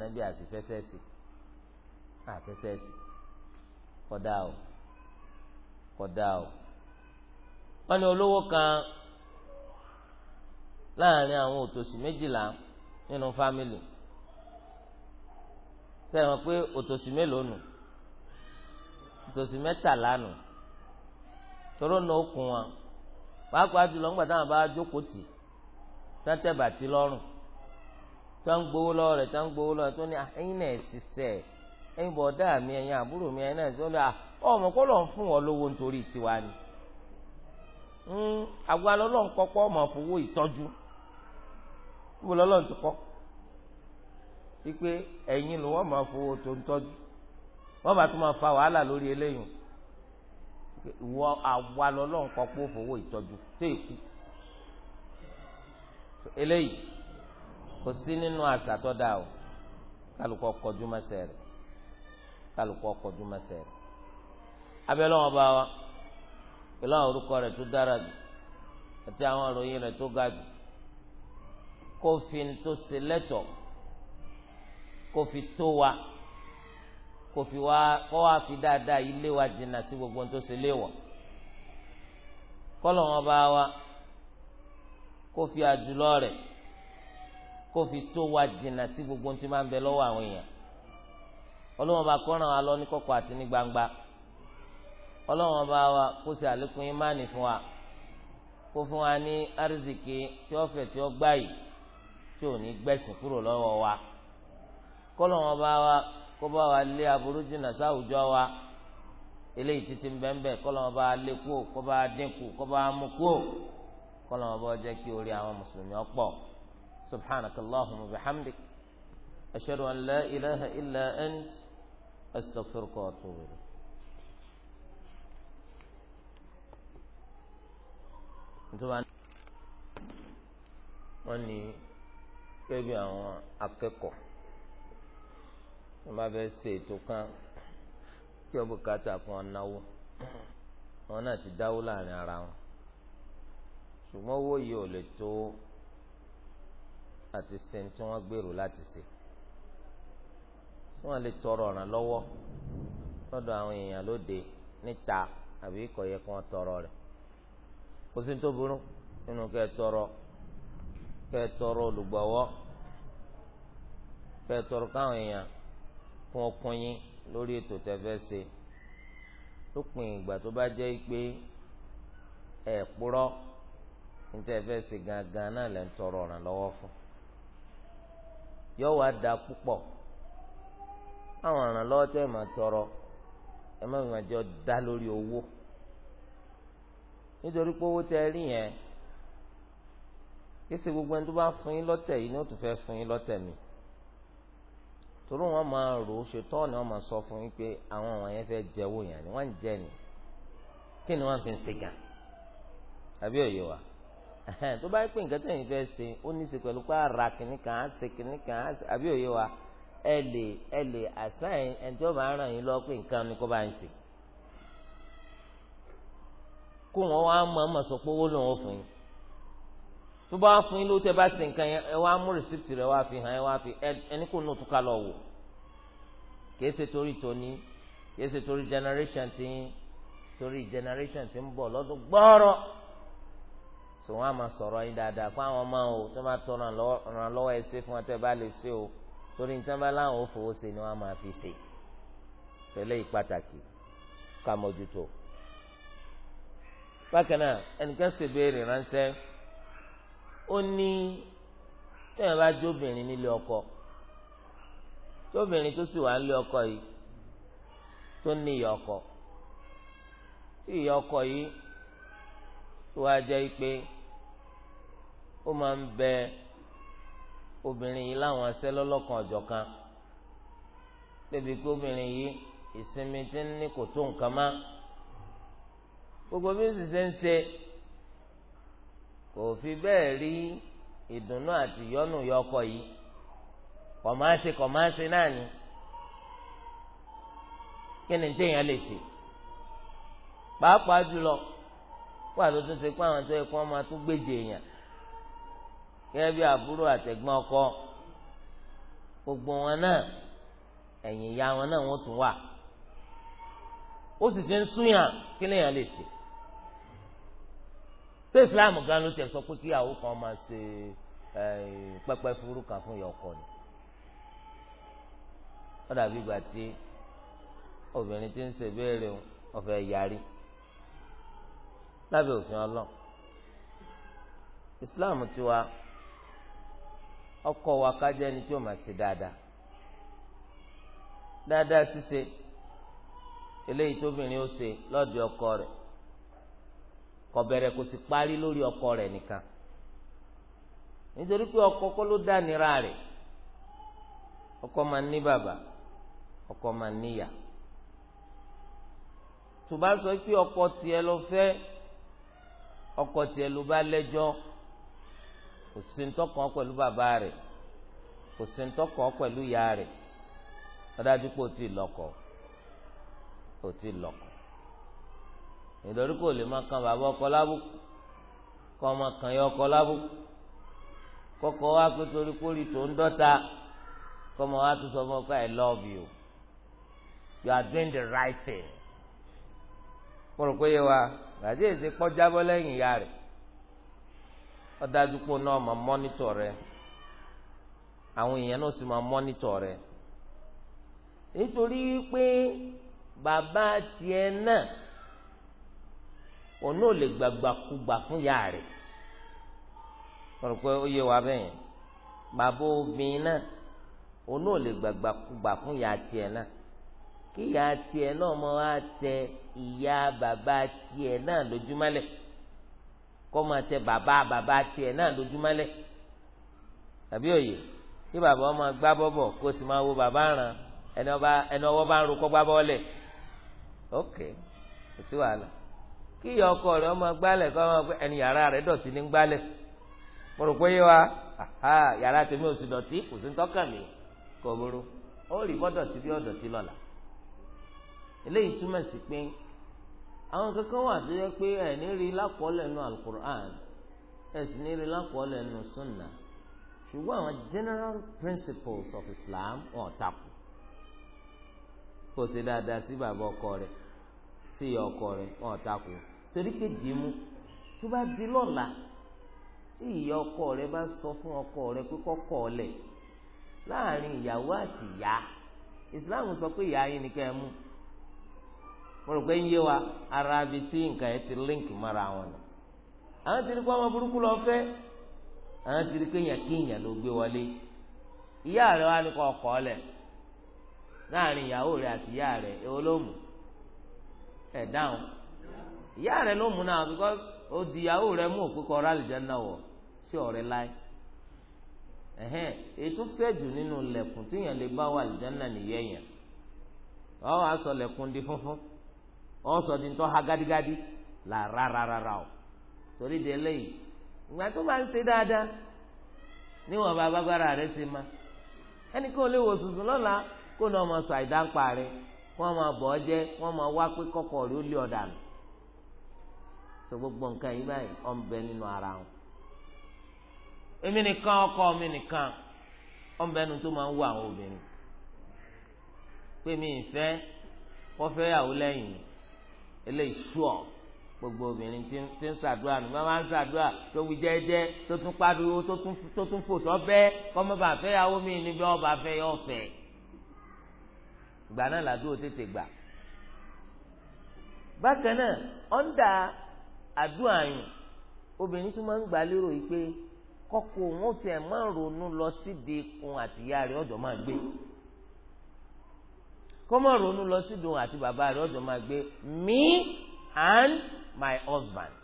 o wọ́n ní olówó kan láàrin àwọn méjìlá. nínú fámìlì sẹ́wọ̀n pé òtòṣì mélòó nù òtòṣì mẹ́tàlá nù tóró nà okùn wọn pàápàá jùlọ ńgbà táwọn bá jókòó tì tẹ́tẹ́ bàtí lọ́rùn tó ń gbowó lọ́wọ́ rẹ̀ tó ń gbowó lọ́wọ́ tó ní ẹ̀yin náà ṣiṣẹ́ ẹ̀yin bọ̀dá mi ẹ̀yin àbúrò mi ẹ̀yin náà ṣiṣẹ́ ọ̀dọ̀ ọmọ kó lọ́n fún wọn lówó nítorí tiwa ni hmm, àgbà lọ́lọ́n kọ́kọ́ ọmọ fowó ìtọ́jú wọ́n lọ́lọ́run ti kọ́ wípé ẹ̀yin ló wọ́n máa fowó tó ń tọ́jú wọ́n bá tún máa fa wàhálà lórí eléyìí wọ àwa lọ́lọ́run kọ́ pé ó fowó ìtọ́jú tó èkú eléyìí kò sí nínú àṣà tó dáa o kálukọ́ kọjú mọ́sẹ̀ rẹ̀ kálukọ́ kọjú mọ́sẹ̀ rẹ̀ abẹ́lẹ́wọ̀n bá wa pẹ̀lú àwọn orúkọ rẹ̀ tó dára jù àti àwọn ìròyìn rẹ̀ tó ga jù kó fi tó ṣe lẹ́tọ̀ kó fi tó wa kó fi wá kó wá fi dáadáa yìí lé wa jìnnà sí gbogbo tó ṣe léwọ̀ kọ́lọ̀ wọn bá wa kó fi àjùlọ rẹ̀ kó fi tó wa jìnnà sí gbogbo tí máa ń bẹ lọ́wọ́ àwọn èèyàn ọlọ́wọ́n bá kọ́ràn wa lọ ní kọ̀kọ̀ àti ní gbangba ọlọ́wọ́n bá wa kó ṣe àlékún ìmánì fún wa kó fún wa ní àrísìkí tí ó fẹ̀ tí ó gbà tí ò ní gbẹ̀sìn kúrò lọ́wọ́ wa wọn bá wa kó bá wa lé aburú jìnnà sáwùjọ wa eléyìí títí ń wọn bá lé kú kó bá dínkù kó bá mú kú wọn bá jẹ́ kí orí àwọn mùsùlùmí ọ̀pọ̀ wa an la ilaha kẹbi àwọn akẹ́kọ̀ọ́ tó bá fẹ́ ṣe ètò kan tí ó bùkátà fún ọ̀nàwó wọn náà ti dáwó láàrin ara wọn ṣùgbọ́n owó yìí ò lè tó àti ṣe tí wọ́n gbèrò láti ṣe tí wọ́n lè tọrọ ọ̀ràn lọ́wọ́ lọ́dọ̀ àwọn èèyàn lóde níta àbí kò yẹ tọrọ rẹ̀ kò sí tó burú nínú kẹ́ tọrọ kẹ́ tọrọ olùgbọ̀wọ́ kẹ́ tọrọ káwọn èèyàn kún ọkùn yín lórí ètò tẹ́fẹ́ ṣe lópin ìgbà tó bá jẹ́ pé ẹ̀ púrọ́ ní tẹ́fẹ́ ṣe gangan náà lẹ́ tọrọ ọ̀ràn lọ́wọ́ fún púpọ̀ àwọn kése gbogbo ẹni tó bá fún yín lọ́tẹ̀ yìí ni ó tún fẹ́ fún yín lọ́tẹ̀ mi torí wọn máa rò ó ṣetán ni wọn máa sọ fún yín pé àwọn àwọn yẹn fẹ́ jẹ́wọ́ yẹn ni wọ́n ń jẹ́ ni kí ni wọ́n fi ń ṣe gàn àbí òye wa tó bá yẹ pé nǹkan tẹ̀yìn fẹ́ ṣe ó ní í ṣe pẹ̀lú pé ara kìíní kan á ṣe kìíní kan á ṣe àbí òye wa ẹ lè ẹ lè àṣàyàn ẹni tí ó bá ràn yín lọ pé nǹkan ni kó bá ń ṣe kó wọn wá mọ̀ ọ́n mọ̀ sọ pé owó lòun ò fún yín tó bá fún yín ló tẹ bá ṣe nǹkan yẹn ẹ wá mú rìsíptì rẹ wá fi hàn ẹ wá fi ẹni kò nù tún ká lọ wò kìí ṣe torí tòní kìí ṣe torí generation tí ń torí generation tí ń bọ̀ lọ́dún gbọ́rọ̀ tó wọn a máa sọ̀rọ̀ yín dáadáa fún àwọn ọmọ o tó máa tọrọ ìrànlọ́wọ́ ẹ ṣe fún ọ tẹ bá lè ṣe o torí nítorí bá láwọn ò fowó ṣe ni wọn máa fi ṣe pẹ̀lẹ́ ìpàtàkì ká mójútó bákan náà ẹnìkan ṣèbéèrè ránṣẹ́ ó ní tẹ́yìn bá jó obìnrin nílé ọkọ tí obìnrin tó sì wà nílé ọkọ yìí tó ní ìyá ọkọ tí ìyá ọkọ yìí tó wá jẹ́ pé ó máa ń bẹ obìnrin yìí láwọn aṣẹ́ lọ́lọ́kan ọ̀jọ̀kan débi pé obìnrin yìí ìsinmi ti ní kò tó nǹkan má gbogbo bí ó sì ṣe ń ṣe kò fi bẹ́ẹ̀ rí ìdùnnú àti ìyọ́nú yọkọ yìí kọ̀máṣe kọ̀máṣe náà ni kí ni téèyàn lè ṣe pàápàá jùlọ wà tó tún ṣe pé àwọn tó yẹ kó wọn máa tún gbèjè èèyàn gẹ́gẹ́ bí àbúrò àtẹ̀gbọ́n ọkọ gbogbo wọn náà ẹ̀yìn ìyá wọn náà wọ́n tún wà ó sì ti ń súnyàn kí lèèyàn lè ṣe. ṣé islam gan ló tẹ̀ sọ pé kí àwọn kan máa ṣe eh, pẹpẹ furuka fún fún ọkọ ni wọ́n dàbí ìgbà tí obìnrin ti ń ṣe béèrè ọ̀fẹ́ yarí lábẹ́ òfin ọlọ́run islam tiwa ọkọ wa kájẹ́ ni tí ó máa ṣe dáadáa dáadáa ṣíṣe eléyìí tóbìnrin ó ṣe lọ́dọ̀ ọkọ rẹ. kò bẹ̀rẹ̀ kò sì parí lórí ọkọ rẹ̀ nìkan nítorí pé ọkọ kọ́ ló dá ọkọ máa ń ní bàbá ọkọ máa ń níyà tó bá sọ ọkọ tiẹ̀ ló fẹ́ ọkọ tiẹ̀ ló bá lẹ́jọ́ kò sí ntọ́kàn pẹ̀lú bàbá rẹ̀ kò sí ntọ́kàn pẹ̀lú ìyá rẹ̀ pé ti lọ́kọ ti nítorí kò lè má kan bàbá ọkọ lábùkù kọ́ ọmọ kan yọ ọkọ lábùkù kọ́kọ́ wá pé torí tó ń dọ́ta kọ́ ọmọ wa tó sọ fún ọ pé i love you you are doing the right thing mo rò pé yẹ wa gàdí èsì kọjábọ́ lẹ́yìn ìyá rẹ̀ ọ̀dájú pò náà mọ̀ mọ́nítọ̀ rẹ̀ àwọn èèyàn náà sì mọ́nítọ̀ rẹ̀ òun náà lè gbàgbàkúgbà fún yàrá rẹ̀ kọ̀rọ̀ pé ó yé wa bẹ́ẹ̀ bàbá obìnrin náà òun náà lè gbàgbàkúgbà fún yàrá tiẹ̀ náà kí yàrá tiẹ̀ náà mọ́ á tẹ ìyá bàbá tiẹ̀ náà lójúmọ́lẹ̀ kọ́ máa tẹ bàbá bàbá tiẹ̀ náà lójúmọ́lẹ̀ àbí òye kí bàbá ọmọ gbá bọ́bọ̀ kó sì máa wo bàbá ràn ẹni ọwọ́ bá ń ro kọ́ gbá bọ́ọ̀lẹ̀ ok kò sí wàhálà kí ọkọ rẹ̀ ọmọ gbálẹ̀ kọ́ ọmọ pé ẹni yàrá rẹ̀ dọ̀tí ní gbálẹ̀ mo rò pé yé wa yàrá tèmi ò sì dọ̀tí kò sí tọ́kàn mi kò burú ó rí bọ́ dọ̀tí bí lọ́la eléyìí túmọ̀ sí pé àwọn kankan wà tó yẹ pé ẹ̀ rí lákọọ́lẹ̀ nù Islam wọn kò sí dáadáa sí ọkọ sí ìyá ọkọ wọn torí ji mu tó bá di lọ́la tí ìyá ọkọ rẹ bá sọ fún ọkọ rẹ pé kọ́kọ́ ọlẹ̀ láàrin ìyàwó àti ìyá Islam sọ pé ìyá yín ni kẹ́ ẹ ara ibi tí nǹkan ti link mọ́ra wọn ni àwọn ti rí pé ọmọ burúkú lọ fẹ́ àwọn ti rí pé kí ló gbé wọlé ìyá rẹ wá ní ìyá rẹ ló mú náà because ó di ìyàwó rẹ mú òkú kọ rálì jẹ náà wọ sí ọ̀rẹ́ láì ẹhẹn ètò fẹjù nínú lẹ̀kùn tíyàn lè bá wà nìyẹn yẹn ọ sọ di funfun ọ sọ di ntọ́ ha gádígádí là rárára o torí de eléyìí ìgbà tó bá ń ṣe ma wò sùsùn lọ́la kó ní ọmọ sọ rẹ bọ̀ ọ́ jẹ́ wá pé so gbogbo nǹkan yìí báyìí ọ̀n bẹ nínú ara wọn èmi nìkan ọkọ mi nìkan ọ̀n bẹ nu tó máa ń wọ àwọn obìnrin pé mi ìfẹ́ kọfẹ́ yàwó lẹ́yìn eléyìí sùọ́ gbogbo obìnrin tí ń ṣàdúrà nù máa ń ṣàdúrà tó wí jẹ́jẹ́ tó tún pariwo tó tún fò tó bẹ́ kọ́mọ́bà fẹ́yàwó mi níbi ọba fẹ́ yọ ọ̀fẹ́ ìgbà náà làdúró tètè gbà bákan náà ọ̀ndà àdúrà yìí obìnrin tún máa ń gbà yìí pé kọ́kọ́ òun ó tiẹ̀ máa ronú lọ sídìí kun àtìyá rẹ̀ ọ̀dọ̀ máa gbé kó máa ronú lọ sídìí òun àti bàbá rẹ̀ ọ̀dọ̀ máa gbé me and my husband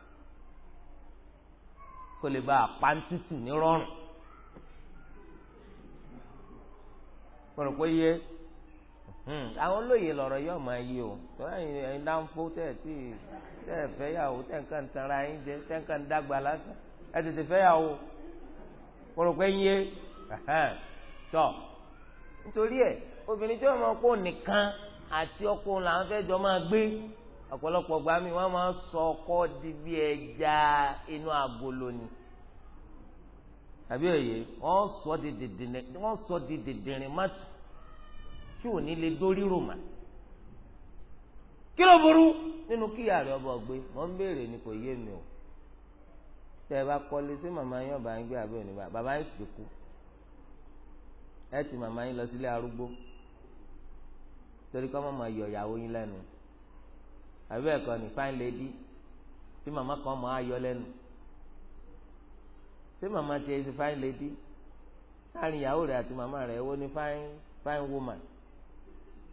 kó lè bá àpántútù ní rọrùn. pé yẹ Hmm. àwọn olóyè lọ̀rọ̀ yóò máa yí o tọ́lá ẹ̀yin láǹfó tẹ̀ tí tẹ̀ fẹ́yàwó tẹ̀ nǹkan tanra yín jẹ tẹ̀ nǹkan dàgbà lásán ẹ̀ tètè fẹ́yàwó kọ̀rọ̀ pé yé tọ̀ nítorí ẹ̀ obìnrin tí wọ́n máa kó nìkan àti ọkùnrin làwọn fẹ́ jọ máa gbé ọ̀pọ̀lọpọ̀ wọ́n di bí ẹja inú wọ́n sọ di mọ́tò. tí ò ní lè dórí rùmà kí ló burú nínú kíyà rẹ ọba ọgbẹ mọ ń béèrè ni kò yé mi o tẹ ẹ bá kọ́lé sí màmá yín ọba yín gbé àbẹ òní bá bàbá yín sì kú ẹ ti màmá yín lọ sílé arúgbó torí kọ́ mọ́ mọ́ yọ ìyàwó yín lẹ́nu àbí bẹ́ẹ̀ ni fine lady tí màmá kan mọ́ ayọ lẹ́nu ṣé màmá tiẹ̀ ṣe fine lady láàrin ìyàwó rẹ̀ àti màmá rẹ̀ wo ni fine fine woman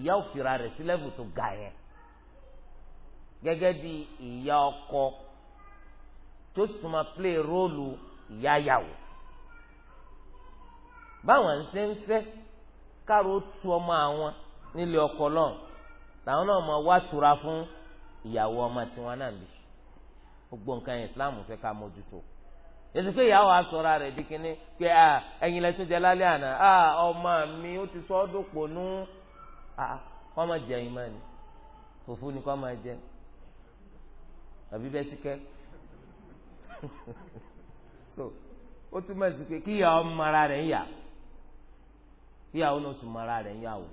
ìyá òfìrà rẹ̀ sí lẹ́bù tó ga yẹn gẹ́gẹ́ bí ìyá ọkọ tó sì tún máa play róòlù ìyá yàwó báwọn ṣe ń fẹ́ káàró tu ọmọ àwọn nílé ọkọ náà làwọn náà máa wá tura fún ìyàwó ọmọ tiwọn náà bí gbogbo nǹkan yẹn Islam fẹ́ ká mójútó yẹsùn pé ìyàwó asọ̀ra rẹ̀ di kínní pé ẹ̀yin lẹ́tún lálẹ́ àná ọmọ mi ó ti sọ́ dòpò nù. àá ah, wọ́n máa jẹ ìmọ̀ ni ni kọ́ máa jẹ àbí bẹ́ẹ̀ sí <laughs> so ó túmọ̀ sí pé mara rẹ̀ ń yà náà mara rẹ̀ ń yà o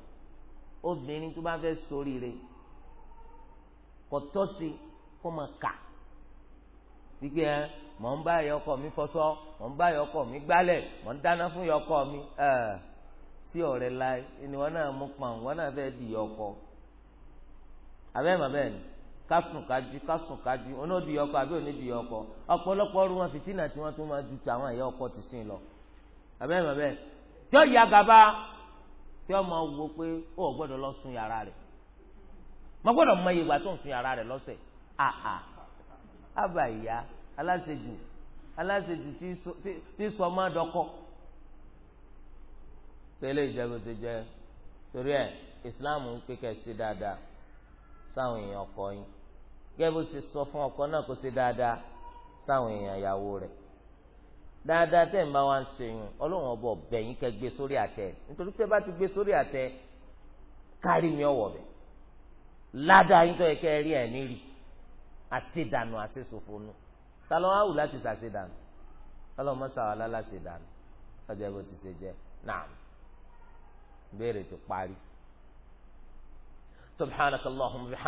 obìnrin tó bá fẹ́ ṣoríire kò tọ́ sí kó máa kà wípé mi mọ̀ ń bá mi gbálẹ̀ mọ̀ ń dáná fún mi sí ọ̀rẹ́ láì ni wọn náà mú pọn wọn náà fẹẹ di ọkọ abẹ́ mọ̀ kasụl kásùn kájú kásùn kájú oní òdi ọkọ àbí òní di ọkọ Ọpọlọpọ ọrùn wọn fìtínà tí wọ́n tún máa ju tàwọn ọkọ ti sìn lọ abẹ́ mọ̀ tí ó ya gàba tí ọmọ wo pé ó gbọ́dọ̀ lọ sun yàrá rẹ̀ mo gbọ́dọ̀ mọ iye ìgbà tó ń sun yàrá àhà tí sọ dọkọ. tẹ́lẹ̀ ìjẹ́gbèsè jẹ́ torí ẹ̀ ìsìláàmù ń pè dáadáa sáwọn èèyàn ọkọ yín sọ fún ọkọ náà kó ṣe dáadáa sáwọn èèyàn ìyàwó rẹ̀ dáadáa tẹ́ ń bá wa ń ṣèyún ọlọ́run ọba ọ̀bẹ̀ yín gbé sórí àtẹ nítorí bá ti gbé sórí àtẹ kárí mi ọ̀wọ̀ bẹ̀ ládàá yín tó yẹ kẹ́ rí ẹ̀ nírì àṣedànù àṣesòfonu ta ló بيرت قاري سبحانك اللهم بحمد